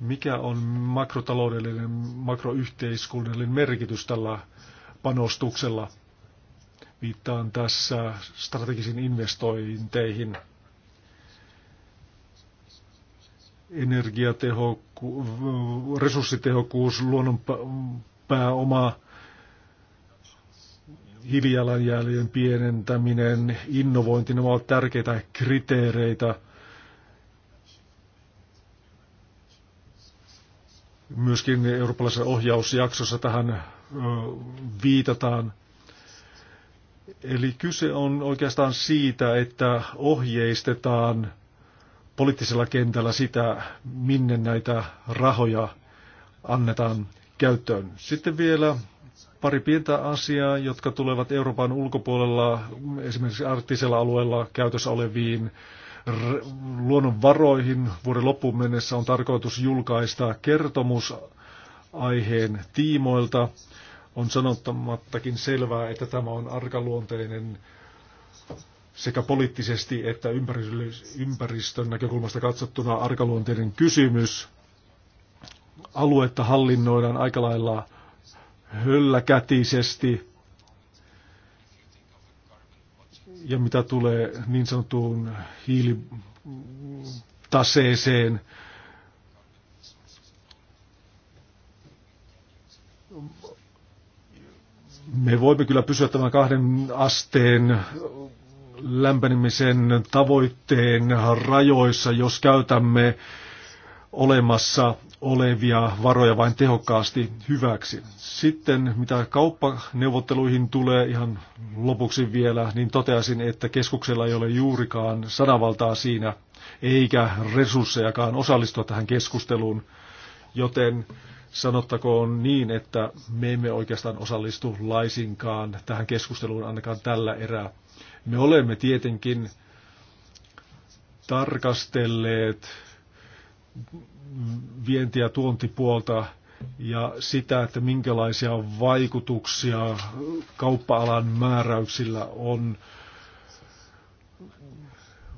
Mikä on makrotaloudellinen, makroyhteiskunnallinen merkitys tällä panostuksella. Viittaan tässä strategisiin investointeihin, Energiatehokku, resurssitehokkuus, luonnon pääoma, hiilijalanjäljen pienentäminen, innovointi, ne ovat tärkeitä kriteereitä. Myöskin eurooppalaisessa ohjausjaksossa tähän viitataan. Eli kyse on oikeastaan siitä, että ohjeistetaan poliittisella kentällä sitä, minne näitä rahoja annetaan käyttöön. Sitten vielä pari pientä asiaa, jotka tulevat Euroopan ulkopuolella, esimerkiksi arktisella alueella käytössä oleviin luonnonvaroihin. Vuoden loppuun mennessä on tarkoitus julkaista kertomus aiheen tiimoilta. On sanottamattakin selvää, että tämä on arkaluonteinen sekä poliittisesti että ympäristön näkökulmasta katsottuna arkaluonteinen kysymys. Aluetta hallinnoidaan aika lailla hölläkätisesti. Ja mitä tulee niin sanottuun hiilitaseeseen, Me voimme kyllä pysyä tämän kahden asteen lämpenemisen tavoitteen rajoissa, jos käytämme olemassa olevia varoja vain tehokkaasti hyväksi. Sitten mitä kauppaneuvotteluihin tulee ihan lopuksi vielä, niin toteasin, että keskuksella ei ole juurikaan sanavaltaa siinä, eikä resurssejakaan osallistua tähän keskusteluun, joten Sanottakoon niin, että me emme oikeastaan osallistu laisinkaan tähän keskusteluun ainakaan tällä erää. Me olemme tietenkin tarkastelleet vienti- ja tuontipuolta ja sitä, että minkälaisia vaikutuksia kauppa-alan määräyksillä on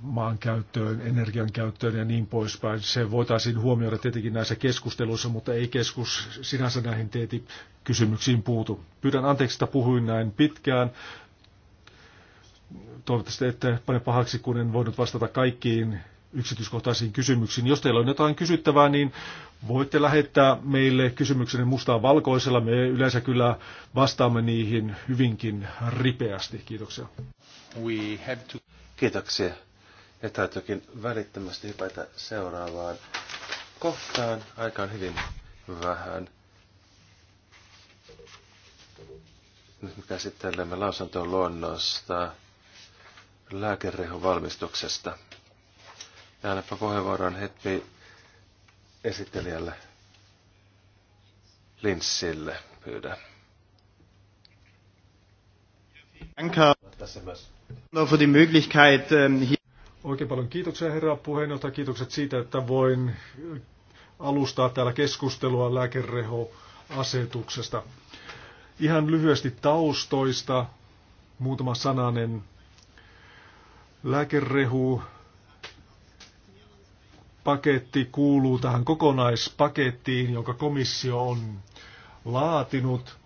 maankäyttöön, käyttöön ja niin poispäin. Se voitaisiin huomioida tietenkin näissä keskusteluissa, mutta ei keskus sinänsä näihin TTIP-kysymyksiin puutu. Pyydän anteeksi, että puhuin näin pitkään. Toivottavasti ette pane pahaksi, kun en voinut vastata kaikkiin yksityiskohtaisiin kysymyksiin. Jos teillä on jotain kysyttävää, niin voitte lähettää meille kysymyksenne mustaa valkoisella. Me yleensä kyllä vastaamme niihin hyvinkin ripeästi. Kiitoksia.
We have to... Kiitoksia. Ja täytyykin välittömästi hypätä seuraavaan kohtaan. Aika on hyvin vähän. Nyt me käsittelemme lausuntoon luonnosta lääkerehun valmistuksesta. Ja annapa puheenvuoron heti esittelijälle Linssille pyydä.
Danke. Für die Möglichkeit, ähm,
hier
Oikein paljon kiitoksia herra puheenjohtaja. Kiitokset siitä, että voin alustaa täällä keskustelua lääkerehoasetuksesta. Ihan lyhyesti taustoista muutama sananen. Lääkerehu paketti kuuluu tähän kokonaispakettiin, jonka komissio on laatinut.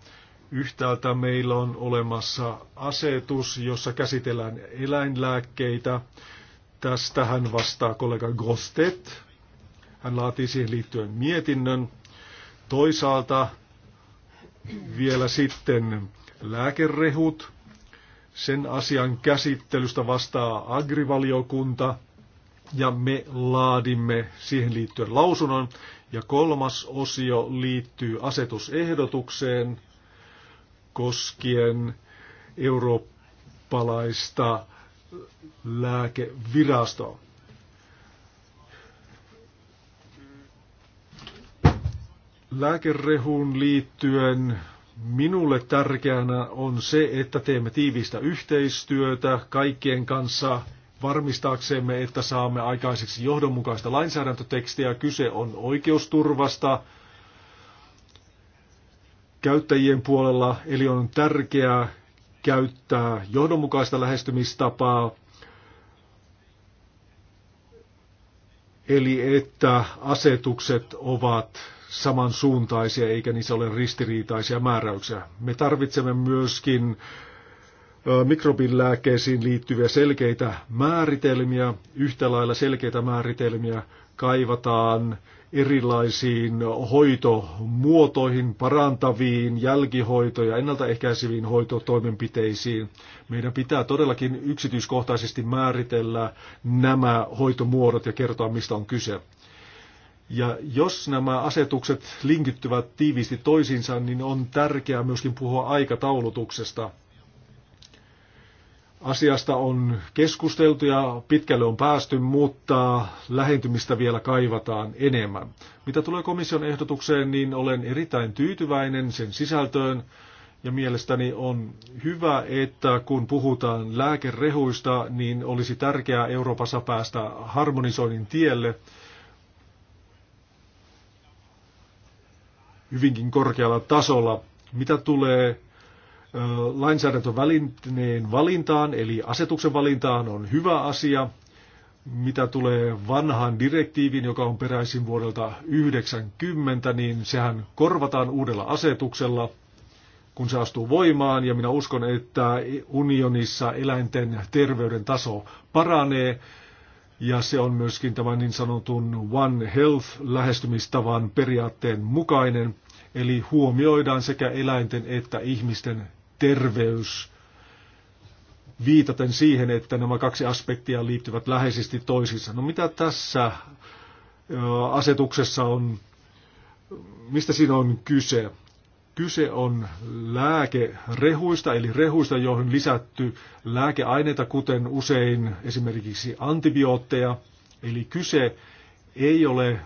Yhtäältä meillä on olemassa asetus, jossa käsitellään eläinlääkkeitä. Tästähän vastaa kollega Gostet. Hän laatii siihen liittyen mietinnön. Toisaalta vielä sitten lääkerehut. Sen asian käsittelystä vastaa agrivaliokunta ja me laadimme siihen liittyen lausunnon. Ja kolmas osio liittyy asetusehdotukseen koskien eurooppalaista lääkevirasto. Lääkerehuun liittyen minulle tärkeänä on se, että teemme tiivistä yhteistyötä kaikkien kanssa varmistaaksemme, että saamme aikaiseksi johdonmukaista lainsäädäntötekstiä. Kyse on oikeusturvasta käyttäjien puolella, eli on tärkeää käyttää johdonmukaista lähestymistapaa, eli että asetukset ovat samansuuntaisia eikä niissä ole ristiriitaisia määräyksiä. Me tarvitsemme myöskin mikrobilääkkeisiin liittyviä selkeitä määritelmiä, yhtä lailla selkeitä määritelmiä kaivataan erilaisiin hoitomuotoihin, parantaviin, jälkihoito- ja ennaltaehkäiseviin hoitotoimenpiteisiin. Meidän pitää todellakin yksityiskohtaisesti määritellä nämä hoitomuodot ja kertoa, mistä on kyse. Ja jos nämä asetukset linkittyvät tiiviisti toisiinsa, niin on tärkeää myöskin puhua aikataulutuksesta – Asiasta on keskusteltu ja pitkälle on päästy, mutta lähentymistä vielä kaivataan enemmän. Mitä tulee komission ehdotukseen, niin olen erittäin tyytyväinen sen sisältöön. Ja mielestäni on hyvä, että kun puhutaan lääkerehuista, niin olisi tärkeää Euroopassa päästä harmonisoinnin tielle hyvinkin korkealla tasolla. Mitä tulee lainsäädäntövälineen valintaan, eli asetuksen valintaan on hyvä asia. Mitä tulee vanhaan direktiiviin, joka on peräisin vuodelta 90, niin sehän korvataan uudella asetuksella, kun se astuu voimaan, ja minä uskon, että unionissa eläinten terveyden taso paranee, ja se on myöskin tämän niin sanotun One Health-lähestymistavan periaatteen mukainen, eli huomioidaan sekä eläinten että ihmisten terveys, viitaten siihen, että nämä kaksi aspektia liittyvät läheisesti toisiinsa. No mitä tässä asetuksessa on, mistä siinä on kyse? Kyse on lääkerehuista, eli rehuista, joihin lisätty lääkeaineita, kuten usein esimerkiksi antibiootteja. Eli kyse ei ole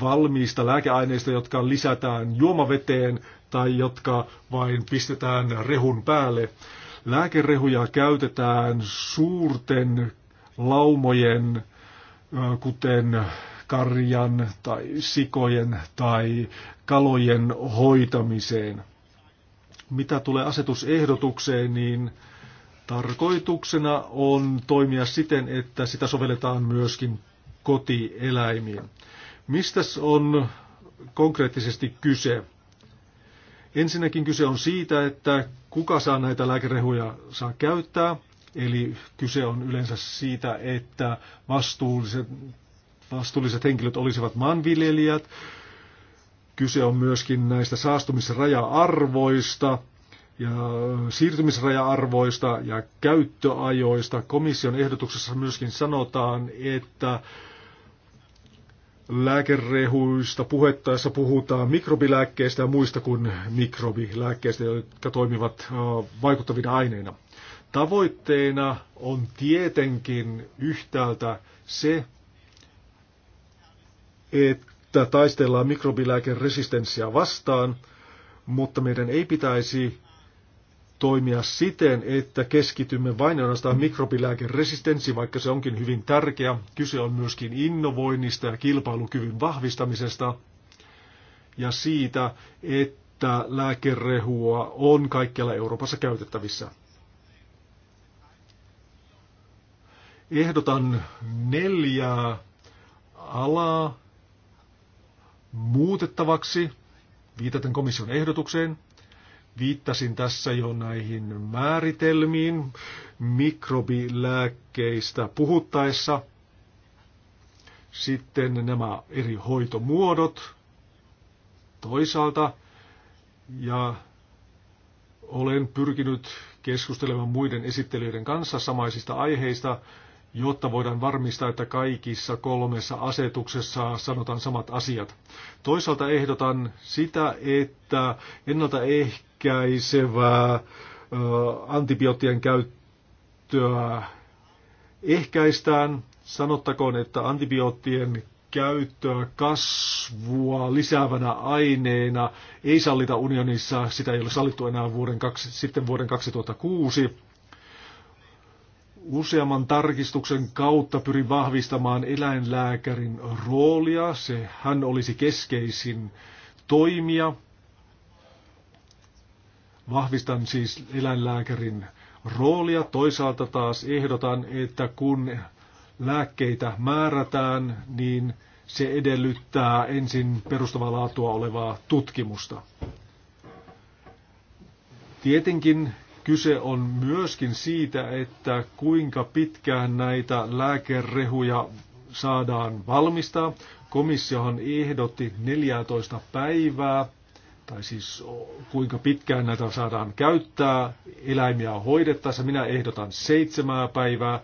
valmiista lääkeaineista, jotka lisätään juomaveteen, tai jotka vain pistetään rehun päälle. Lääkerehuja käytetään suurten laumojen, kuten karjan tai sikojen tai kalojen hoitamiseen. Mitä tulee asetusehdotukseen, niin tarkoituksena on toimia siten, että sitä sovelletaan myöskin kotieläimiin. Mistä on konkreettisesti kyse? Ensinnäkin kyse on siitä, että kuka saa näitä lääkerehuja saa käyttää. Eli kyse on yleensä siitä, että vastuulliset, vastuulliset henkilöt olisivat maanviljelijät. Kyse on myöskin näistä saastumisraja-arvoista ja siirtymisraja-arvoista ja käyttöajoista. Komission ehdotuksessa myöskin sanotaan, että lääkerehuista puhettaessa puhutaan mikrobilääkkeistä ja muista kuin mikrobilääkkeistä, jotka toimivat äh, vaikuttavina aineina. Tavoitteena on tietenkin yhtäältä se, että taistellaan mikrobilääkeresistenssiä vastaan, mutta meidän ei pitäisi toimia siten, että keskitymme vain ainoastaan mikrobilääkeresistenssiin, vaikka se onkin hyvin tärkeä. Kyse on myöskin innovoinnista ja kilpailukyvyn vahvistamisesta ja siitä, että lääkerehua on kaikkialla Euroopassa käytettävissä. Ehdotan neljää alaa muutettavaksi, viitaten komission ehdotukseen – Viittasin tässä jo näihin määritelmiin mikrobilääkkeistä puhuttaessa. Sitten nämä eri hoitomuodot toisaalta. Ja olen pyrkinyt keskustelemaan muiden esittelijöiden kanssa samaisista aiheista, jotta voidaan varmistaa, että kaikissa kolmessa asetuksessa sanotaan samat asiat. Toisaalta ehdotan sitä, että ennaltaehkäisy ehkäisevää antibioottien käyttöä ehkäistään. Sanottakoon, että antibioottien käyttöä kasvua lisäävänä aineena ei sallita unionissa. Sitä ei ole sallittu enää vuoden, sitten vuoden 2006. Useamman tarkistuksen kautta pyrin vahvistamaan eläinlääkärin roolia. Se, hän olisi keskeisin toimija Vahvistan siis eläinlääkärin roolia. Toisaalta taas ehdotan, että kun lääkkeitä määrätään, niin se edellyttää ensin perustavaa laatua olevaa tutkimusta. Tietenkin kyse on myöskin siitä, että kuinka pitkään näitä lääkerehuja saadaan valmistaa. Komissiohan ehdotti 14 päivää tai siis kuinka pitkään näitä saadaan käyttää eläimiä hoidettaessa. Minä ehdotan seitsemää päivää.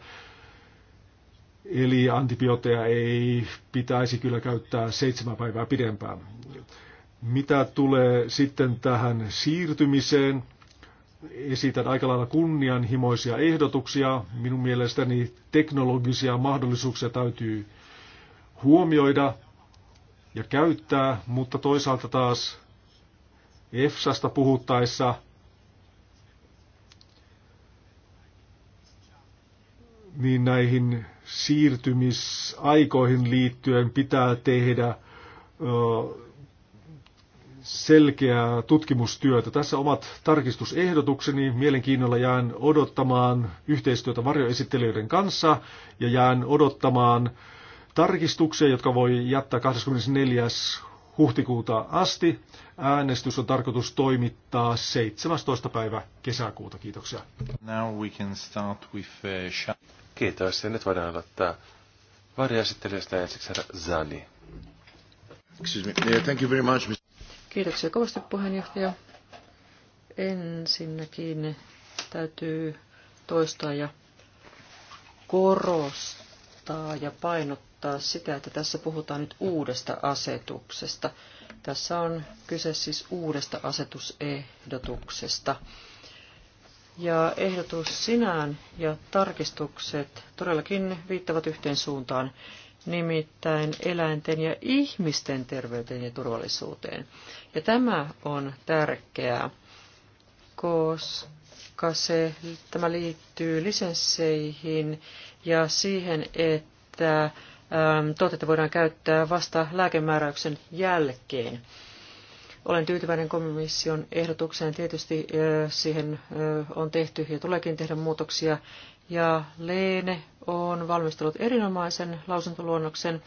Eli antibiootteja ei pitäisi kyllä käyttää seitsemän päivää pidempään. Mitä tulee sitten tähän siirtymiseen, esitän aika lailla kunnianhimoisia ehdotuksia. Minun mielestäni teknologisia mahdollisuuksia täytyy huomioida ja käyttää, mutta toisaalta taas EFSasta puhuttaessa niin näihin siirtymisaikoihin liittyen pitää tehdä selkeää tutkimustyötä. Tässä omat tarkistusehdotukseni. Mielenkiinnolla jään odottamaan yhteistyötä varjoesittelijöiden kanssa ja jään odottamaan tarkistuksia, jotka voi jättää 24 huhtikuuta asti. Äänestys on tarkoitus toimittaa 17. päivä kesäkuuta. Kiitoksia.
Now we can start with, uh, Kiitos. Ja nyt voidaan aloittaa varjaesittelijöistä ensiksi herra Zani. Excuse me. Yeah, thank you very much, Mr.
Kiitoksia kovasti puheenjohtaja. Ensinnäkin täytyy toistaa ja korostaa ja painottaa tarkoittaa sitä, että tässä puhutaan nyt uudesta asetuksesta. Tässä on kyse siis uudesta asetusehdotuksesta. Ja ehdotus sinään ja tarkistukset todellakin viittavat yhteen suuntaan, nimittäin eläinten ja ihmisten terveyteen ja turvallisuuteen. Ja tämä on tärkeää, koska se, tämä liittyy lisensseihin ja siihen, että että tuotetta voidaan käyttää vasta lääkemääräyksen jälkeen. Olen tyytyväinen komission ehdotukseen. Tietysti siihen on tehty ja tuleekin tehdä muutoksia. Ja Leene on valmistellut erinomaisen lausuntoluonnoksen.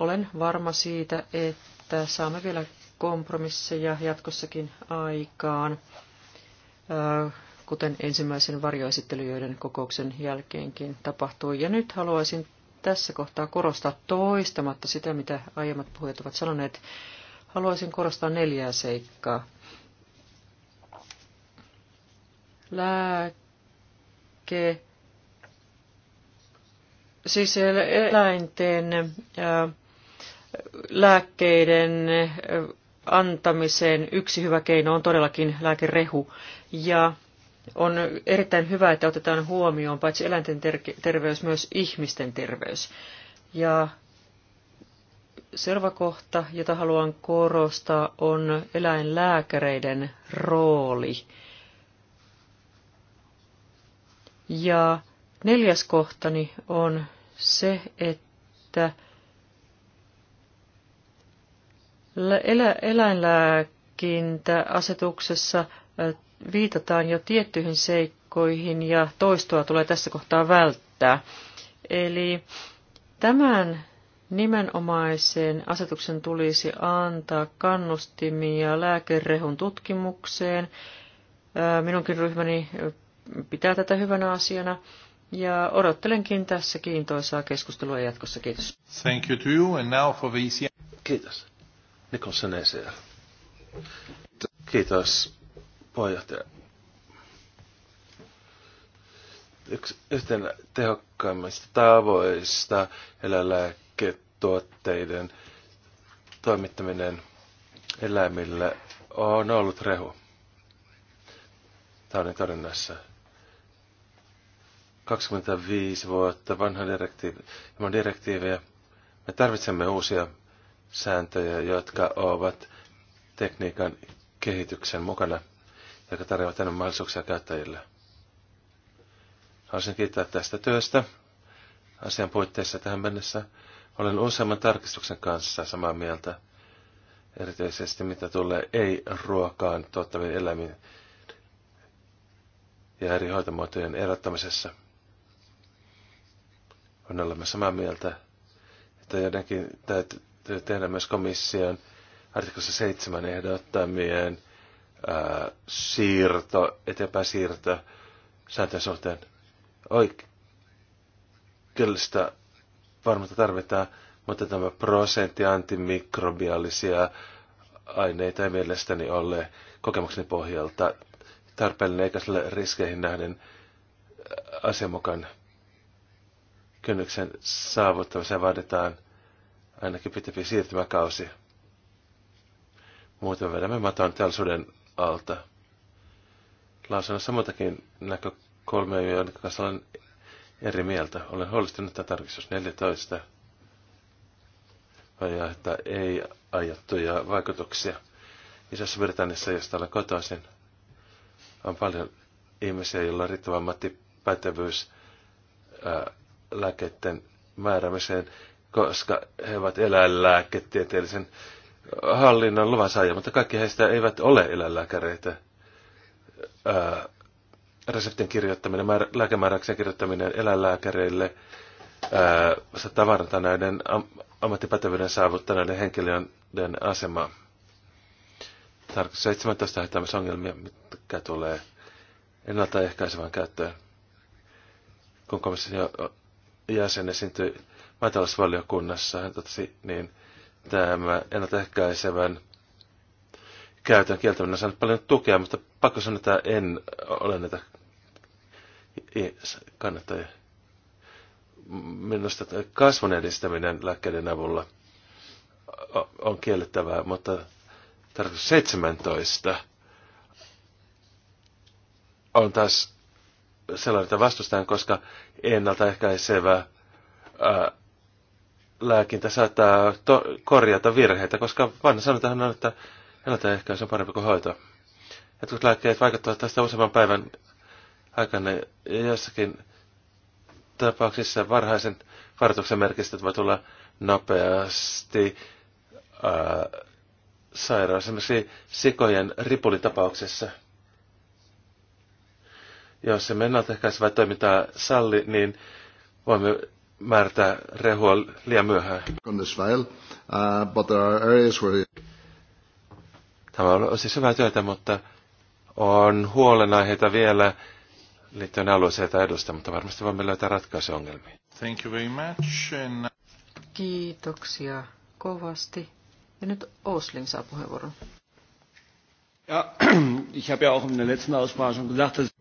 Olen varma siitä, että saamme vielä kompromisseja jatkossakin aikaan kuten ensimmäisen varjoesittelijöiden kokouksen jälkeenkin tapahtui. Ja nyt haluaisin tässä kohtaa korostaa toistamatta sitä, mitä aiemmat puhujat ovat sanoneet. Haluaisin korostaa neljää seikkaa. Lääke, siis eläinten lääkkeiden antamiseen yksi hyvä keino on todellakin lääkerehu. Ja on erittäin hyvä, että otetaan huomioon paitsi eläinten terveys, myös ihmisten terveys. Ja seuraava kohta, jota haluan korostaa, on eläinlääkäreiden rooli. Ja neljäs kohtani on se, että eläinlääkintäasetuksessa viitataan jo tiettyihin seikkoihin ja toistoa tulee tässä kohtaa välttää. Eli tämän nimenomaisen asetuksen tulisi antaa kannustimia lääkerehun tutkimukseen. Minunkin ryhmäni pitää tätä hyvänä asiana. Ja odottelenkin tässä kiintoisaa keskustelua jatkossa. Kiitos.
Thank you to you and now for the e
Kiitos. Nicholson e Kiitos puheenjohtaja. Yksi yhtenä tehokkaimmista tavoista eläinlääketuotteiden toimittaminen eläimille on ollut rehu. on torjunnassa. 25 vuotta vanha direktiivi, ilman direktiiviä. Me tarvitsemme uusia sääntöjä, jotka ovat tekniikan kehityksen mukana – jotka tarjoavat tänne mahdollisuuksia käyttäjille. Haluaisin kiittää tästä työstä. Asian puitteissa tähän mennessä olen useamman tarkistuksen kanssa samaa mieltä, erityisesti mitä tulee ei-ruokaan tuottaviin eläimiin ja eri hoitomuotojen erottamisessa. On olemme samaa mieltä, että jotenkin täytyy tehdä myös komission artikossa 7 ehdottamien ää, siirto, eteenpäin siirto sääntöjen suhteen. Oikeellista varmasti tarvitaan, mutta tämä prosentti antimikrobiaalisia aineita ei mielestäni ole kokemukseni pohjalta tarpeellinen eikä sille riskeihin nähden asianmukan kynnyksen saavuttamiseen vaaditaan ainakin pitempi siirtymäkausi. Muuten vedämme maton teollisuuden alta. Lausunnossa muitakin näkökulmia, joiden kanssa olen eri mieltä. Olen huolestunut, että tarkistus 14 vai että ei aiottuja vaikutuksia. Isässä Britanniassa, josta olen kotoisin, on paljon ihmisiä, joilla on riittävä ammattipätevyys lääkkeiden määräämiseen, koska he ovat eläinlääketieteellisen hallinnon luvan saaja, mutta kaikki heistä eivät ole eläinlääkäreitä. Ää, reseptin kirjoittaminen, määr, lääkemääräyksen kirjoittaminen eläinlääkäreille ää, tavarata näiden am, ammattipätevyyden saavuttaneiden henkilöiden asemaa. Tarkoitus 17 tämmöisiä ongelmia, mitkä tulee ennaltaehkäisevään käyttöön. Kun komission jäsen esiintyi maatalousvaliokunnassa, hän totesi, niin – tämä ennaltaehkäisevän käytön kieltäminen on saanut paljon tukea, mutta pakko sanoa, että en ole näitä kannattajia. Minusta kasvun edistäminen lääkkeiden avulla on kiellettävää, mutta tarkoitus 17 on taas sellainen, että vastustan, koska ennaltaehkäisevä ää, lääkintä saattaa to- korjata virheitä, koska vanha sanotaan on, että ennaltaehkäisy on parempi kuin hoito. Jotkut lääkkeet vaikuttavat tästä useamman päivän aikana jossakin tapauksissa varhaisen varoituksen merkistöt voi tulla nopeasti ää, äh, sairaus. Esimerkiksi sikojen ripulitapauksessa. Jos se ennaltaehkäisevää toimintaa salli, niin voimme määrätä rehua liian myöhään. Uh, Tämä on siis hyvää työtä, mutta on huolenaiheita vielä liittyen alueeseen tai edusta, mutta varmasti voimme löytää ratkaisuja ongelmiin.
Thank you very
much. And... Kiitoksia kovasti. Ja nyt Osling saa puheenvuoron.
Ja, ich habe ja auch in der letzten Aussprache schon gesagt, dass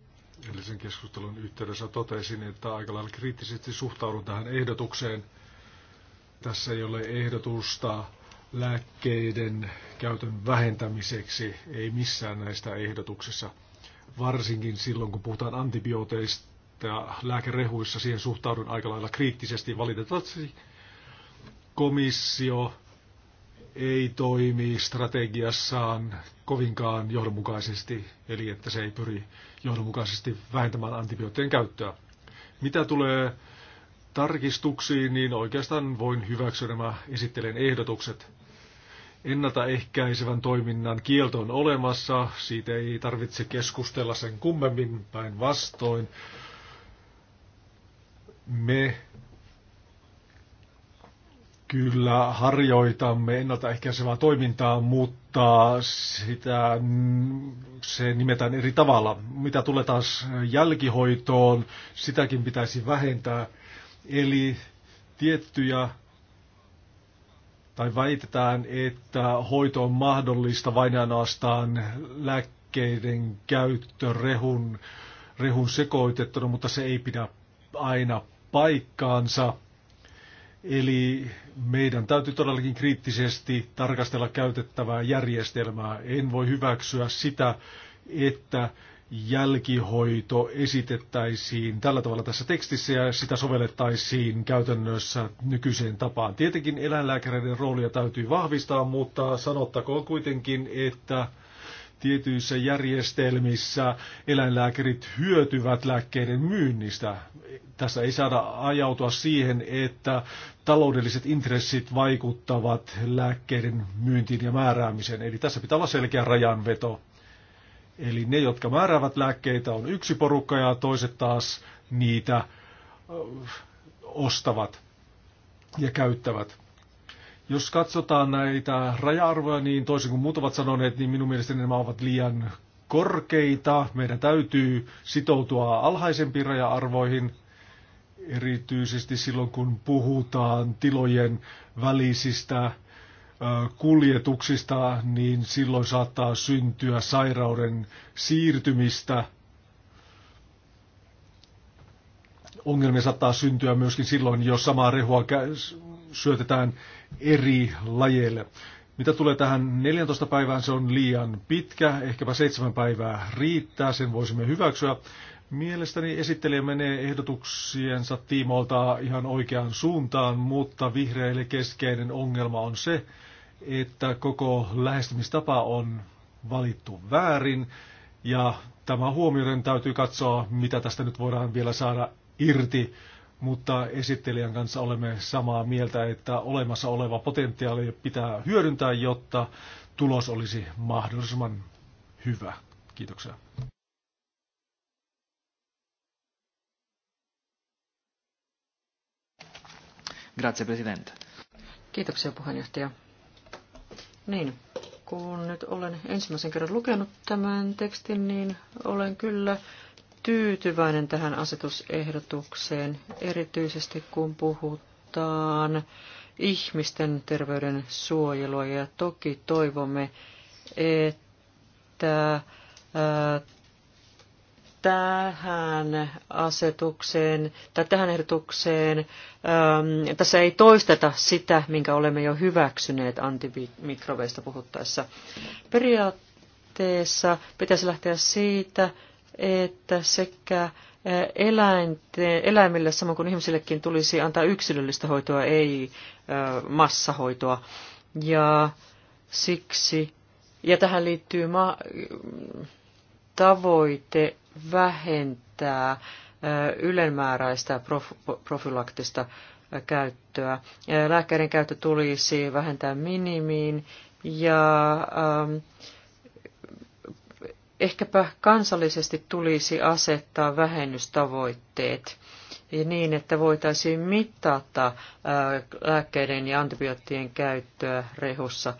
edellisen keskustelun yhteydessä totesin, että aika lailla kriittisesti suhtaudun tähän ehdotukseen. Tässä ei ole ehdotusta lääkkeiden käytön vähentämiseksi, ei missään näistä ehdotuksissa. Varsinkin silloin, kun puhutaan antibiooteista ja lääkerehuissa, siihen suhtaudun aika lailla kriittisesti. Valitettavasti komissio ei toimi strategiassaan kovinkaan johdonmukaisesti, eli että se ei pyri johdonmukaisesti vähentämään antibioottien käyttöä. Mitä tulee tarkistuksiin, niin oikeastaan voin hyväksyä nämä esittelen ehdotukset. Ennaltaehkäisevän toiminnan kielto on olemassa, siitä ei tarvitse keskustella sen kummemmin päin vastoin. Me kyllä harjoitamme ennaltaehkäisevää toimintaa, mutta sitä, mm, se nimetään eri tavalla. Mitä tulee taas jälkihoitoon, sitäkin pitäisi vähentää. Eli tiettyjä tai väitetään, että hoito on mahdollista vain ainoastaan lääkkeiden käyttö rehun, rehun sekoitettuna, mutta se ei pidä aina paikkaansa. Eli meidän täytyy todellakin kriittisesti tarkastella käytettävää järjestelmää. En voi hyväksyä sitä, että jälkihoito esitettäisiin tällä tavalla tässä tekstissä ja sitä sovellettaisiin käytännössä nykyiseen tapaan. Tietenkin eläinlääkäreiden roolia täytyy vahvistaa, mutta sanottakoon kuitenkin, että tietyissä järjestelmissä eläinlääkärit hyötyvät lääkkeiden myynnistä. Tässä ei saada ajautua siihen, että taloudelliset intressit vaikuttavat lääkkeiden myyntiin ja määräämiseen. Eli tässä pitää olla selkeä rajanveto. Eli ne, jotka määräävät lääkkeitä, on yksi porukka ja toiset taas niitä ostavat ja käyttävät. Jos katsotaan näitä raja-arvoja, niin toisin kuin muut ovat sanoneet, niin minun mielestäni nämä ovat liian korkeita. Meidän täytyy sitoutua alhaisempiin raja-arvoihin, erityisesti silloin kun puhutaan tilojen välisistä kuljetuksista, niin silloin saattaa syntyä sairauden siirtymistä. Ongelmia saattaa syntyä myöskin silloin, jos samaa rehua syötetään eri lajeille. Mitä tulee tähän 14 päivään, se on liian pitkä, ehkäpä seitsemän päivää riittää, sen voisimme hyväksyä. Mielestäni esittelijä menee ehdotuksiensa tiimoilta ihan oikeaan suuntaan, mutta vihreille keskeinen ongelma on se, että koko lähestymistapa on valittu väärin. Ja tämä huomioiden täytyy katsoa, mitä tästä nyt voidaan vielä saada irti mutta esittelijän kanssa olemme samaa mieltä, että olemassa oleva potentiaali pitää hyödyntää, jotta tulos olisi mahdollisimman hyvä. Kiitoksia.
Grazie, president.
Kiitoksia, puheenjohtaja. Niin, kun nyt olen ensimmäisen kerran lukenut tämän tekstin, niin olen kyllä tyytyväinen tähän asetusehdotukseen, erityisesti kun puhutaan ihmisten terveyden suojelua. Ja toki toivomme, että äh, tähän asetukseen tai tähän ehdotukseen äm, tässä ei toisteta sitä, minkä olemme jo hyväksyneet antimikrobeista puhuttaessa. Periaatteessa pitäisi lähteä siitä, että sekä eh, eläinte, eläimille samoin kuin ihmisillekin tulisi antaa yksilöllistä hoitoa, ei eh, massahoitoa. Ja siksi, ja tähän liittyy ma- tavoite vähentää eh, ylenmääräistä prof- profylaktista käyttöä. Lääkkeiden käyttö tulisi vähentää minimiin ja ähm, Ehkäpä kansallisesti tulisi asettaa vähennystavoitteet niin, että voitaisiin mitata lääkkeiden ja antibioottien käyttöä rehussa.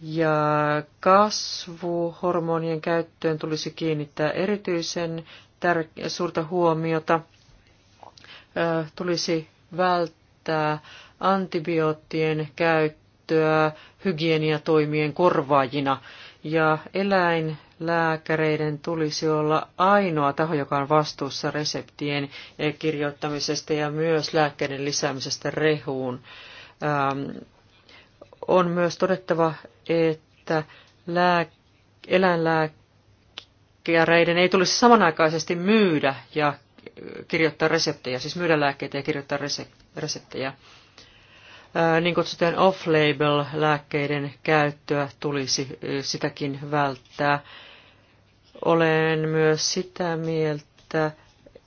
Ja kasvuhormonien käyttöön tulisi kiinnittää erityisen tär- suurta huomiota. Tulisi välttää antibioottien käyttöä hygieniatoimien korvaajina ja eläinlääkäreiden tulisi olla ainoa taho, joka on vastuussa reseptien kirjoittamisesta ja myös lääkkeiden lisäämisestä rehuun. Ähm, on myös todettava, että eläinlääkäreiden ei tulisi samanaikaisesti myydä ja kirjoittaa reseptejä, siis myydä lääkkeitä ja kirjoittaa reseptejä niin kutsuttujen off-label-lääkkeiden käyttöä tulisi sitäkin välttää. Olen myös sitä mieltä,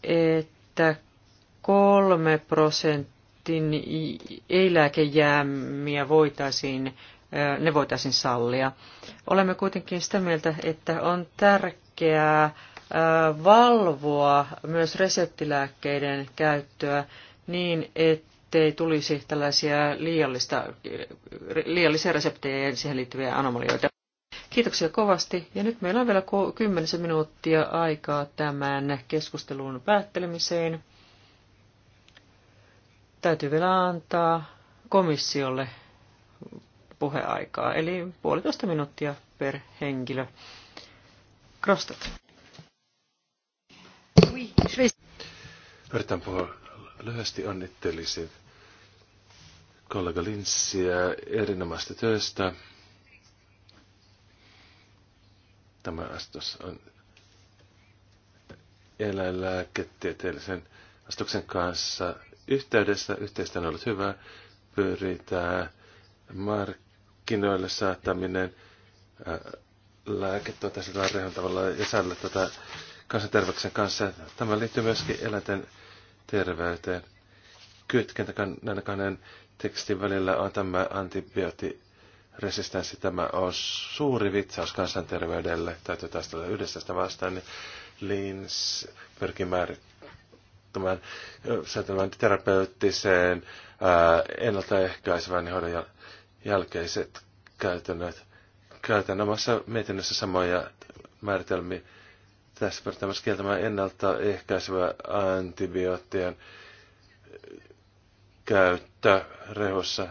että kolme prosentin ei-lääkejäämiä voitaisiin, ne voitaisiin sallia. Olemme kuitenkin sitä mieltä, että on tärkeää valvoa myös reseptilääkkeiden käyttöä niin, että ettei tulisi tällaisia liiallista, liiallisia reseptejä ja siihen liittyviä anomalioita. Kiitoksia kovasti. Ja nyt meillä on vielä 10 minuuttia aikaa tämän keskustelun päättelemiseen. Täytyy vielä antaa komissiolle puheaikaa, eli puolitoista minuuttia per henkilö.
Krostat.
Yritän puhua lyhyesti onnittelisin kollega Linssiä erinomaista työstä. Tämä astus on eläinlääketieteellisen astuksen kanssa yhteydessä. Yhteistä on ollut hyvä. Pyritään markkinoille saattaminen äh, lääketuotaisella rehon ja säädellä tätä kansanterveyksen kanssa. Tämä liittyy myöskin eläinten terveyteen. Kytkentä näiden kahden tekstin välillä on tämä antibioottiresistenssi. Tämä on suuri vitsaus kansanterveydelle. Täytyy taistella yhdessä sitä vastaan. Niin Lins pyrkii määrittämään säätelmään terapeuttiseen ennaltaehkäisevän hoidon jälkeiset käytännöt. Käytän omassa mietinnössä samoja määritelmiä. Tässä pyritään myös kieltämään ennaltaehkäisevä antibioottien käyttö rehussa.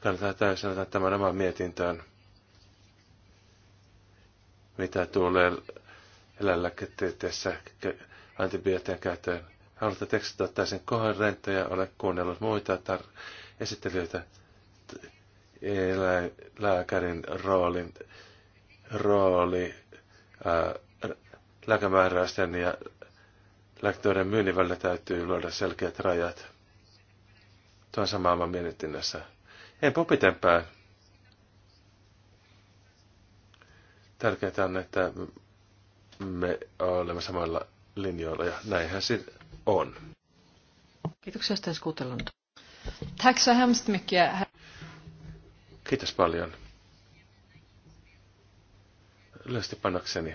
Kannattaa täysin ottaa tämän oman mietintöön, mitä tulee eläinlääketieteessä antibioottien käyttöön. Haluatte tekstata täysin ja ole kuunnellut muita tar- esittelyitä lääkärin roolin, rooli äh, ää, ja lääkkeiden myynnin välillä täytyy luoda selkeät rajat tuon samaan mietinnässä. Ei popitempää. Tärkeintä on, että me olemme samoilla linjoilla ja näinhän se on.
Kiitoksia Stens kuutellut. Tack så hemskt mycket.
Kiitos paljon. Lyhyesti panokseni.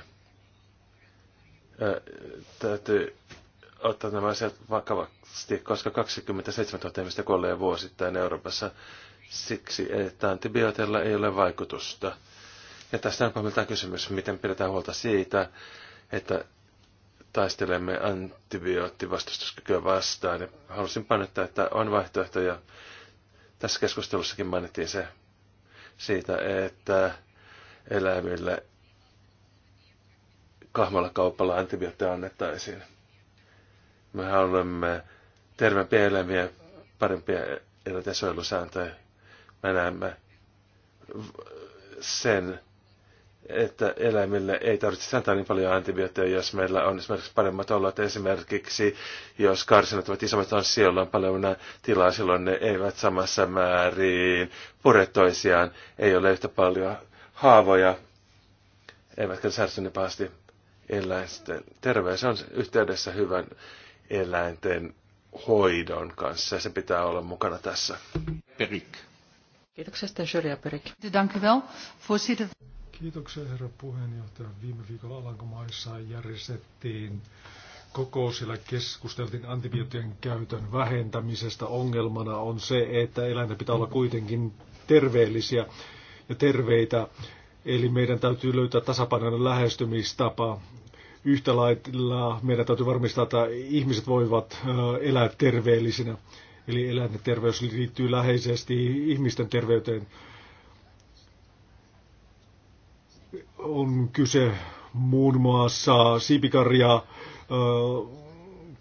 täytyy ottaa nämä asiat vakavasti, koska 27 000 ihmistä kuolee vuosittain Euroopassa siksi, että antibiootilla ei ole vaikutusta. Ja tästä on pahimmiltaan kysymys, miten pidetään huolta siitä, että taistelemme antibioottivastustuskykyä vastaan. Ja halusin painottaa, että on vaihtoehtoja. Tässä keskustelussakin mainittiin se siitä, että eläimille kahmalla kaupalla antibiootteja annettaisiin. Me haluamme terveempiä elämiä, parempia eläintensuojelusääntöjä. Me näemme sen, että eläimille ei tarvitse antaa niin paljon antibiootteja, jos meillä on esimerkiksi paremmat olot. Esimerkiksi jos karsinat ovat isommat on siellä on paljon tilaa, silloin ne eivät samassa määrin pure toisiaan, ei ole yhtä paljon haavoja, eivätkä niin pahasti eläinten terveys on yhteydessä hyvän eläinten hoidon kanssa. Se pitää olla mukana tässä. Perik.
Kiitoksia sitten Syrjä Perik.
Kiitoksia herra puheenjohtaja. Viime viikolla Alankomaissa järjestettiin kokous, siellä keskusteltiin antibioottien käytön vähentämisestä. Ongelmana on se, että eläinten pitää olla kuitenkin terveellisiä ja terveitä. Eli meidän täytyy löytää tasapainoinen lähestymistapa. Yhtä lailla meidän täytyy varmistaa, että ihmiset voivat elää terveellisinä. Eli eläinten terveys liittyy läheisesti ihmisten terveyteen. On kyse muun muassa siipikarjaa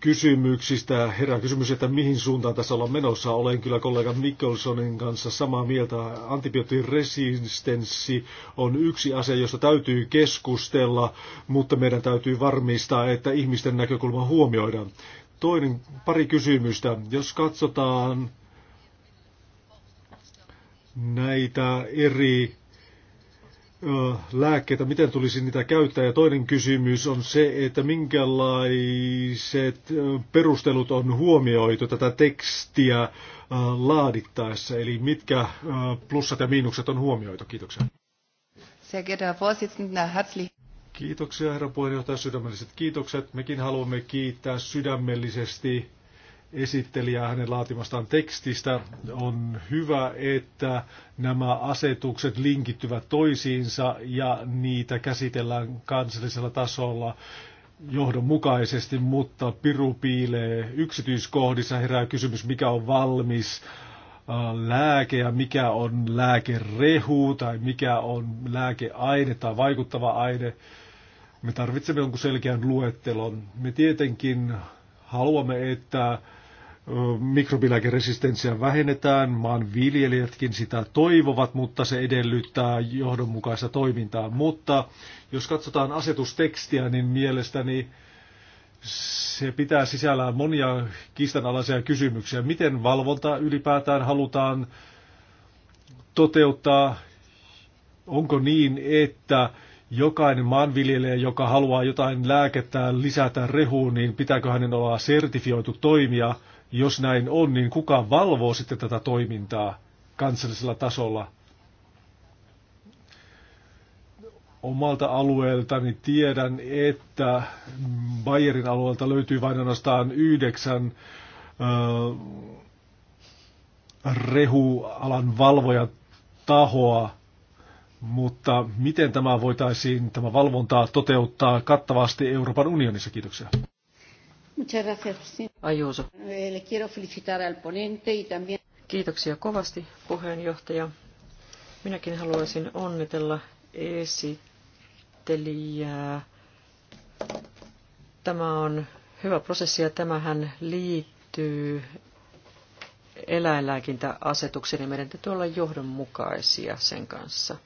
kysymyksistä. Herää kysymys, että mihin suuntaan tässä ollaan menossa. Olen kyllä kollega Mikkelsonin kanssa samaa mieltä. Antibioottiresistenssi on yksi asia, josta täytyy keskustella, mutta meidän täytyy varmistaa, että ihmisten näkökulma huomioidaan. Toinen pari kysymystä. Jos katsotaan näitä eri Äh, lääkkeitä, miten tulisi niitä käyttää. Ja toinen kysymys on se, että minkälaiset äh, perustelut on huomioitu tätä tekstiä äh, laadittaessa, eli mitkä plussat ja miinukset on huomioitu. Kiitoksia. Kiitoksia herra puheenjohtaja, sydämelliset kiitokset. Mekin haluamme kiittää sydämellisesti esittelijää hänen laatimastaan tekstistä. On hyvä, että nämä asetukset linkittyvät toisiinsa ja niitä käsitellään kansallisella tasolla johdonmukaisesti, mutta piru piilee yksityiskohdissa. Herää kysymys, mikä on valmis lääke ja mikä on lääkerehu tai mikä on lääkeaine tai vaikuttava aine. Me tarvitsemme jonkun selkeän luettelon. Me tietenkin haluamme, että mikrobilääkeresistenssiä vähennetään, maanviljelijätkin sitä toivovat, mutta se edellyttää johdonmukaista toimintaa. Mutta jos katsotaan asetustekstiä, niin mielestäni se pitää sisällään monia kiistanalaisia kysymyksiä. Miten valvonta ylipäätään halutaan toteuttaa? Onko niin, että jokainen maanviljelijä, joka haluaa jotain lääkettä lisätä rehuun, niin pitääkö hänen olla sertifioitu toimija – jos näin on, niin kuka valvoo sitten tätä toimintaa kansallisella tasolla? Omalta alueeltani tiedän, että Bayerin alueelta löytyy vain ainoastaan yhdeksän rehualan valvoja tahoa, mutta miten tämä voitaisiin, tämä valvontaa toteuttaa kattavasti Euroopan unionissa? Kiitoksia.
Muchas gracias, eh, Le
quiero felicitar al ponente y también...
Kiitoksia kovasti, puheenjohtaja. Minäkin haluaisin onnitella esittelijää. Tämä on hyvä prosessi ja tämähän liittyy eläinlääkintäasetukseen ja meidän täytyy olla johdonmukaisia sen kanssa.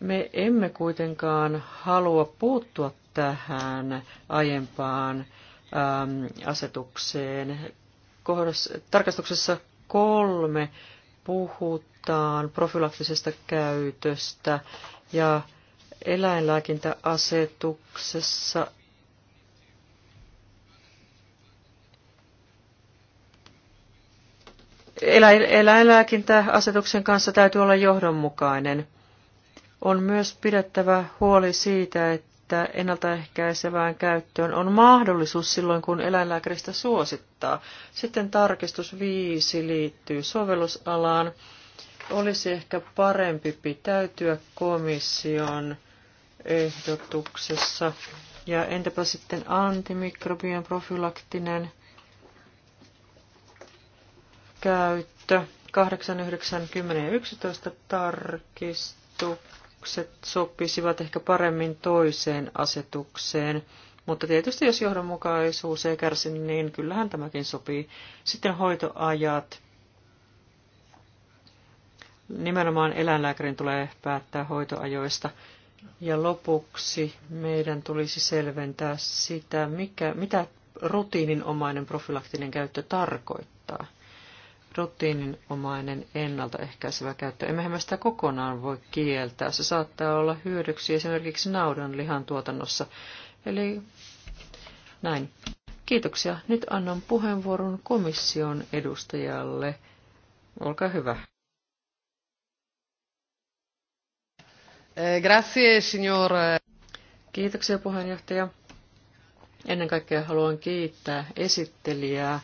Me emme kuitenkaan halua puuttua tähän aiempaan asetukseen. Kohdassa, tarkastuksessa kolme puhutaan profilaktisesta käytöstä ja eläinlääkintäasetuksessa Eläinlääkintäasetuksen kanssa täytyy olla johdonmukainen. On myös pidettävä huoli siitä, että että ennaltaehkäisevään käyttöön on mahdollisuus silloin, kun eläinlääkäristä suosittaa. Sitten tarkistus 5 liittyy sovellusalaan. Olisi ehkä parempi pitäytyä komission ehdotuksessa. Ja entäpä sitten antimikrobien profylaktinen käyttö? 8, 9, 10 ja 11 tarkistukset asetukset sopisivat ehkä paremmin toiseen asetukseen, mutta tietysti jos johdonmukaisuus ei kärsi, niin kyllähän tämäkin sopii. Sitten hoitoajat. Nimenomaan eläinlääkärin tulee päättää hoitoajoista. Ja lopuksi meidän tulisi selventää sitä, mikä, mitä rutiininomainen profilaktinen käyttö tarkoittaa rutiininomainen ennaltaehkäisevä käyttö. Emmehän me sitä kokonaan voi kieltää. Se saattaa olla hyödyksi esimerkiksi naudan lihan tuotannossa. Eli näin. Kiitoksia. Nyt annan puheenvuoron komission edustajalle. Olkaa hyvä. Eh, grazie, signor. Kiitoksia puheenjohtaja. Ennen kaikkea haluan kiittää esittelijää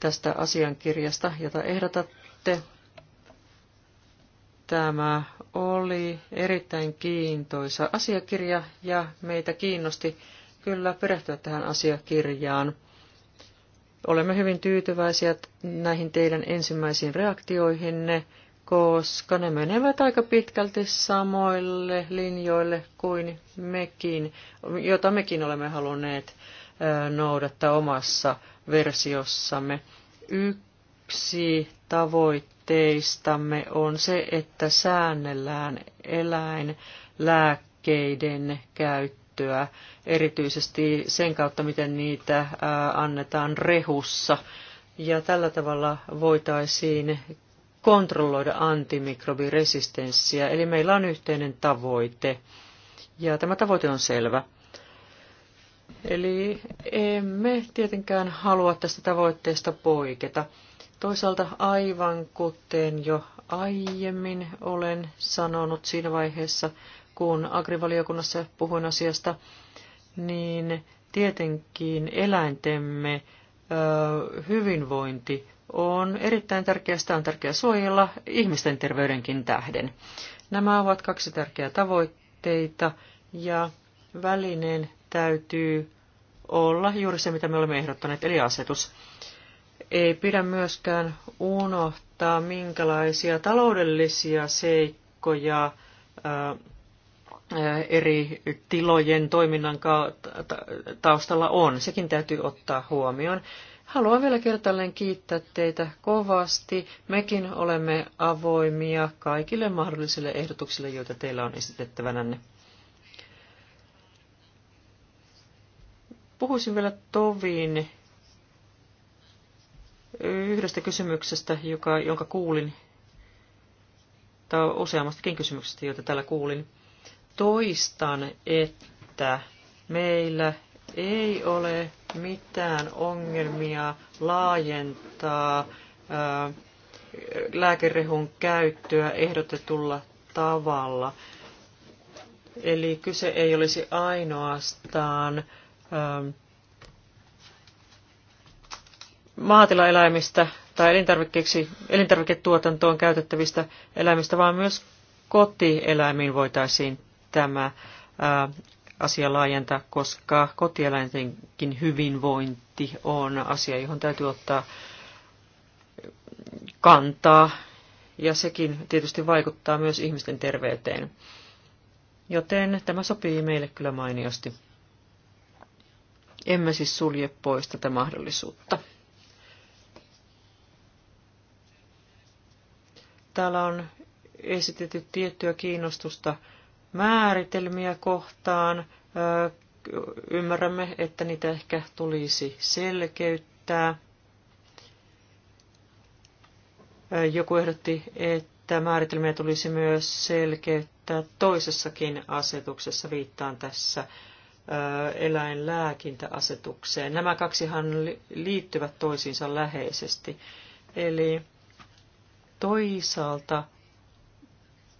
tästä asiankirjasta, jota ehdotatte. Tämä oli erittäin kiintoisa asiakirja ja meitä kiinnosti kyllä perehtyä tähän asiakirjaan. Olemme hyvin tyytyväisiä näihin teidän ensimmäisiin reaktioihinne, koska ne menevät aika pitkälti samoille linjoille kuin mekin, jota mekin olemme halunneet noudattaa omassa versiossamme. Yksi tavoitteistamme on se, että säännellään eläinlääkkeiden käyttöä, erityisesti sen kautta, miten niitä annetaan rehussa. Ja tällä tavalla voitaisiin kontrolloida antimikrobiresistenssiä, eli meillä on yhteinen tavoite. Ja tämä tavoite on selvä. Eli emme tietenkään halua tästä tavoitteesta poiketa. Toisaalta aivan kuten jo aiemmin olen sanonut siinä vaiheessa, kun agrivaliokunnassa puhuin asiasta, niin tietenkin eläintemme hyvinvointi on erittäin tärkeää, sitä on tärkeää suojella ihmisten terveydenkin tähden. Nämä ovat kaksi tärkeää tavoitteita ja välineen täytyy olla juuri se, mitä me olemme ehdottaneet, eli asetus. Ei pidä myöskään unohtaa, minkälaisia taloudellisia seikkoja eri tilojen toiminnan taustalla on. Sekin täytyy ottaa huomioon. Haluan vielä kertaalleen kiittää teitä kovasti. Mekin olemme avoimia kaikille mahdollisille ehdotuksille, joita teillä on esitettävänänne. Puhuisin vielä Tovin yhdestä kysymyksestä, joka, jonka kuulin, tai useammastakin kysymyksestä, joita täällä kuulin. Toistan, että meillä ei ole mitään ongelmia laajentaa ää, lääkerehun käyttöä ehdotetulla tavalla. Eli kyse ei olisi ainoastaan Ähm, maatilaeläimistä tai elintarvikkeeksi, elintarviketuotantoon käytettävistä eläimistä, vaan myös kotieläimiin voitaisiin tämä ää, äh, asia laajentaa, koska kotieläintenkin hyvinvointi on asia, johon täytyy ottaa kantaa, ja sekin tietysti vaikuttaa myös ihmisten terveyteen. Joten tämä sopii meille kyllä mainiosti. Emme siis sulje pois tätä mahdollisuutta. Täällä on esitetty tiettyä kiinnostusta määritelmiä kohtaan. Ymmärrämme, että niitä ehkä tulisi selkeyttää. Joku ehdotti, että määritelmiä tulisi myös selkeyttää toisessakin asetuksessa, viittaan tässä eläinlääkintäasetukseen. Nämä kaksihan liittyvät toisiinsa läheisesti. Eli toisaalta,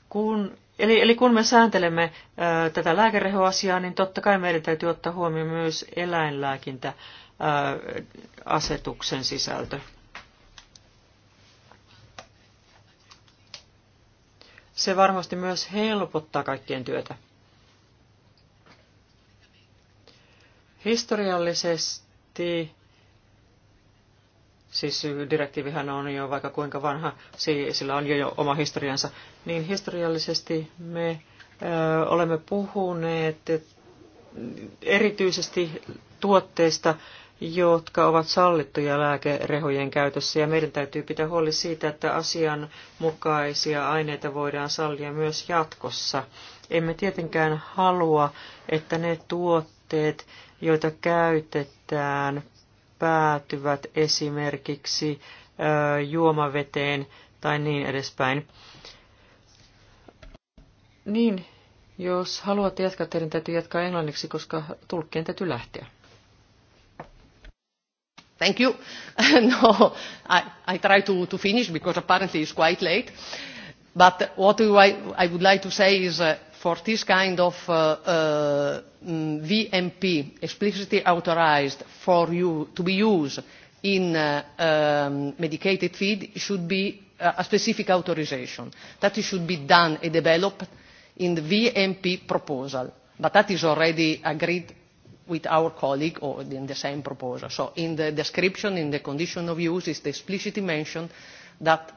kun, eli, eli kun me sääntelemme ää, tätä lääkerehoasiaa, niin totta kai meidän täytyy ottaa huomioon myös eläinlääkintäasetuksen sisältö. Se varmasti myös helpottaa kaikkien työtä. Historiallisesti, siis direktiivihän on jo vaikka kuinka vanha, sillä on jo oma historiansa, niin historiallisesti me olemme puhuneet erityisesti tuotteista, jotka ovat sallittuja lääkerehojen käytössä, ja meidän täytyy pitää huoli siitä, että asianmukaisia aineita voidaan sallia myös jatkossa. Emme tietenkään halua, että ne tuot tuotteet, joita käytetään, päätyvät esimerkiksi juomaveteen tai niin edespäin. Niin, jos haluat jatkaa, teidän täytyy
jatkaa englanniksi, koska tulkkien täytyy lähteä. Thank you. no, I, I try to, to finish because apparently it's quite late. But what I, I would like to say is uh, for this kind of uh, uh, mm, VMP explicitly authorized for you to be used in uh, um, medicated feed should be uh, a specific authorization. That should be done and developed in the VMP proposal. But that is already agreed with our colleague or in the same proposal. So in the description, in the condition of use, it's explicitly mentioned that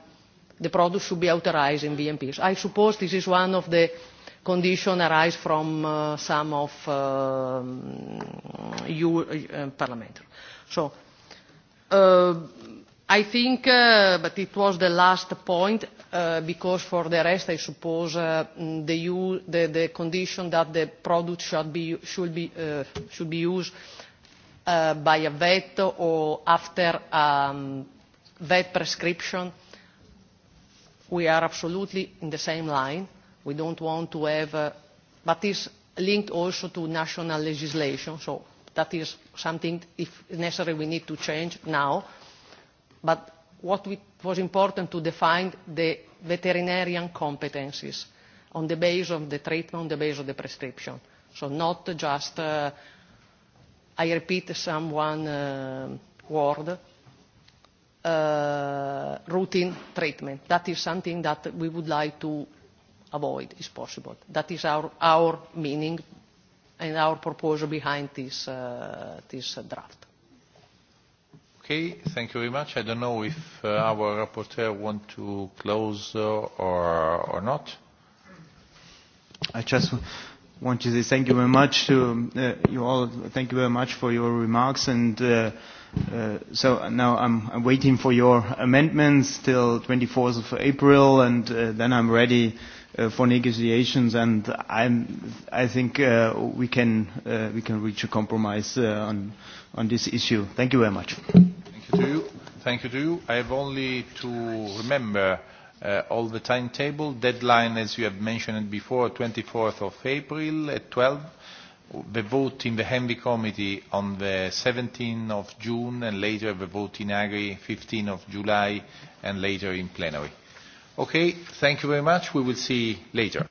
the product should be authorized in VMPs. I suppose this is one of the condition arise from uh, some of uh, EU uh, Parliament. So, uh, I think, uh, but it was the last point, uh, because for the rest, I suppose, uh, the, EU, the, the condition that the product should be, should be, uh, should be used uh, by a vet or after um, vet prescription, we are absolutely in the same line We don't want to have, uh, but it's linked also to national legislation, so that is something, if necessary, we need to change now. But what we, was important to define the veterinarian competencies on the basis of the treatment, on the basis of the prescription. So not just, uh, I repeat some one uh, word, uh, routine treatment. That is something that we would like to avoid is possible. That is our, our meaning and our proposal behind this, uh, this draft.
Okay, thank you very much. I don't know if uh, our rapporteur want to close uh, or, or not.
I just want to say thank you very much to uh, you all. Thank you very much for your remarks. And uh, uh,
so now I'm, I'm waiting for your amendments till 24th of April, and uh, then I'm ready uh, for negotiations, and I'm, I think uh,
we can uh, we can reach a compromise uh, on on this issue. Thank you very much. Thank
you to you. Thank you to you. I have only to remember uh, all the timetable deadline, as you have mentioned before, 24th of April at 12.
The vote in the Henry Committee on the 17th of June, and later the vote in Agri, 15th of July, and later in plenary. Okay, thank you very much. We will see later.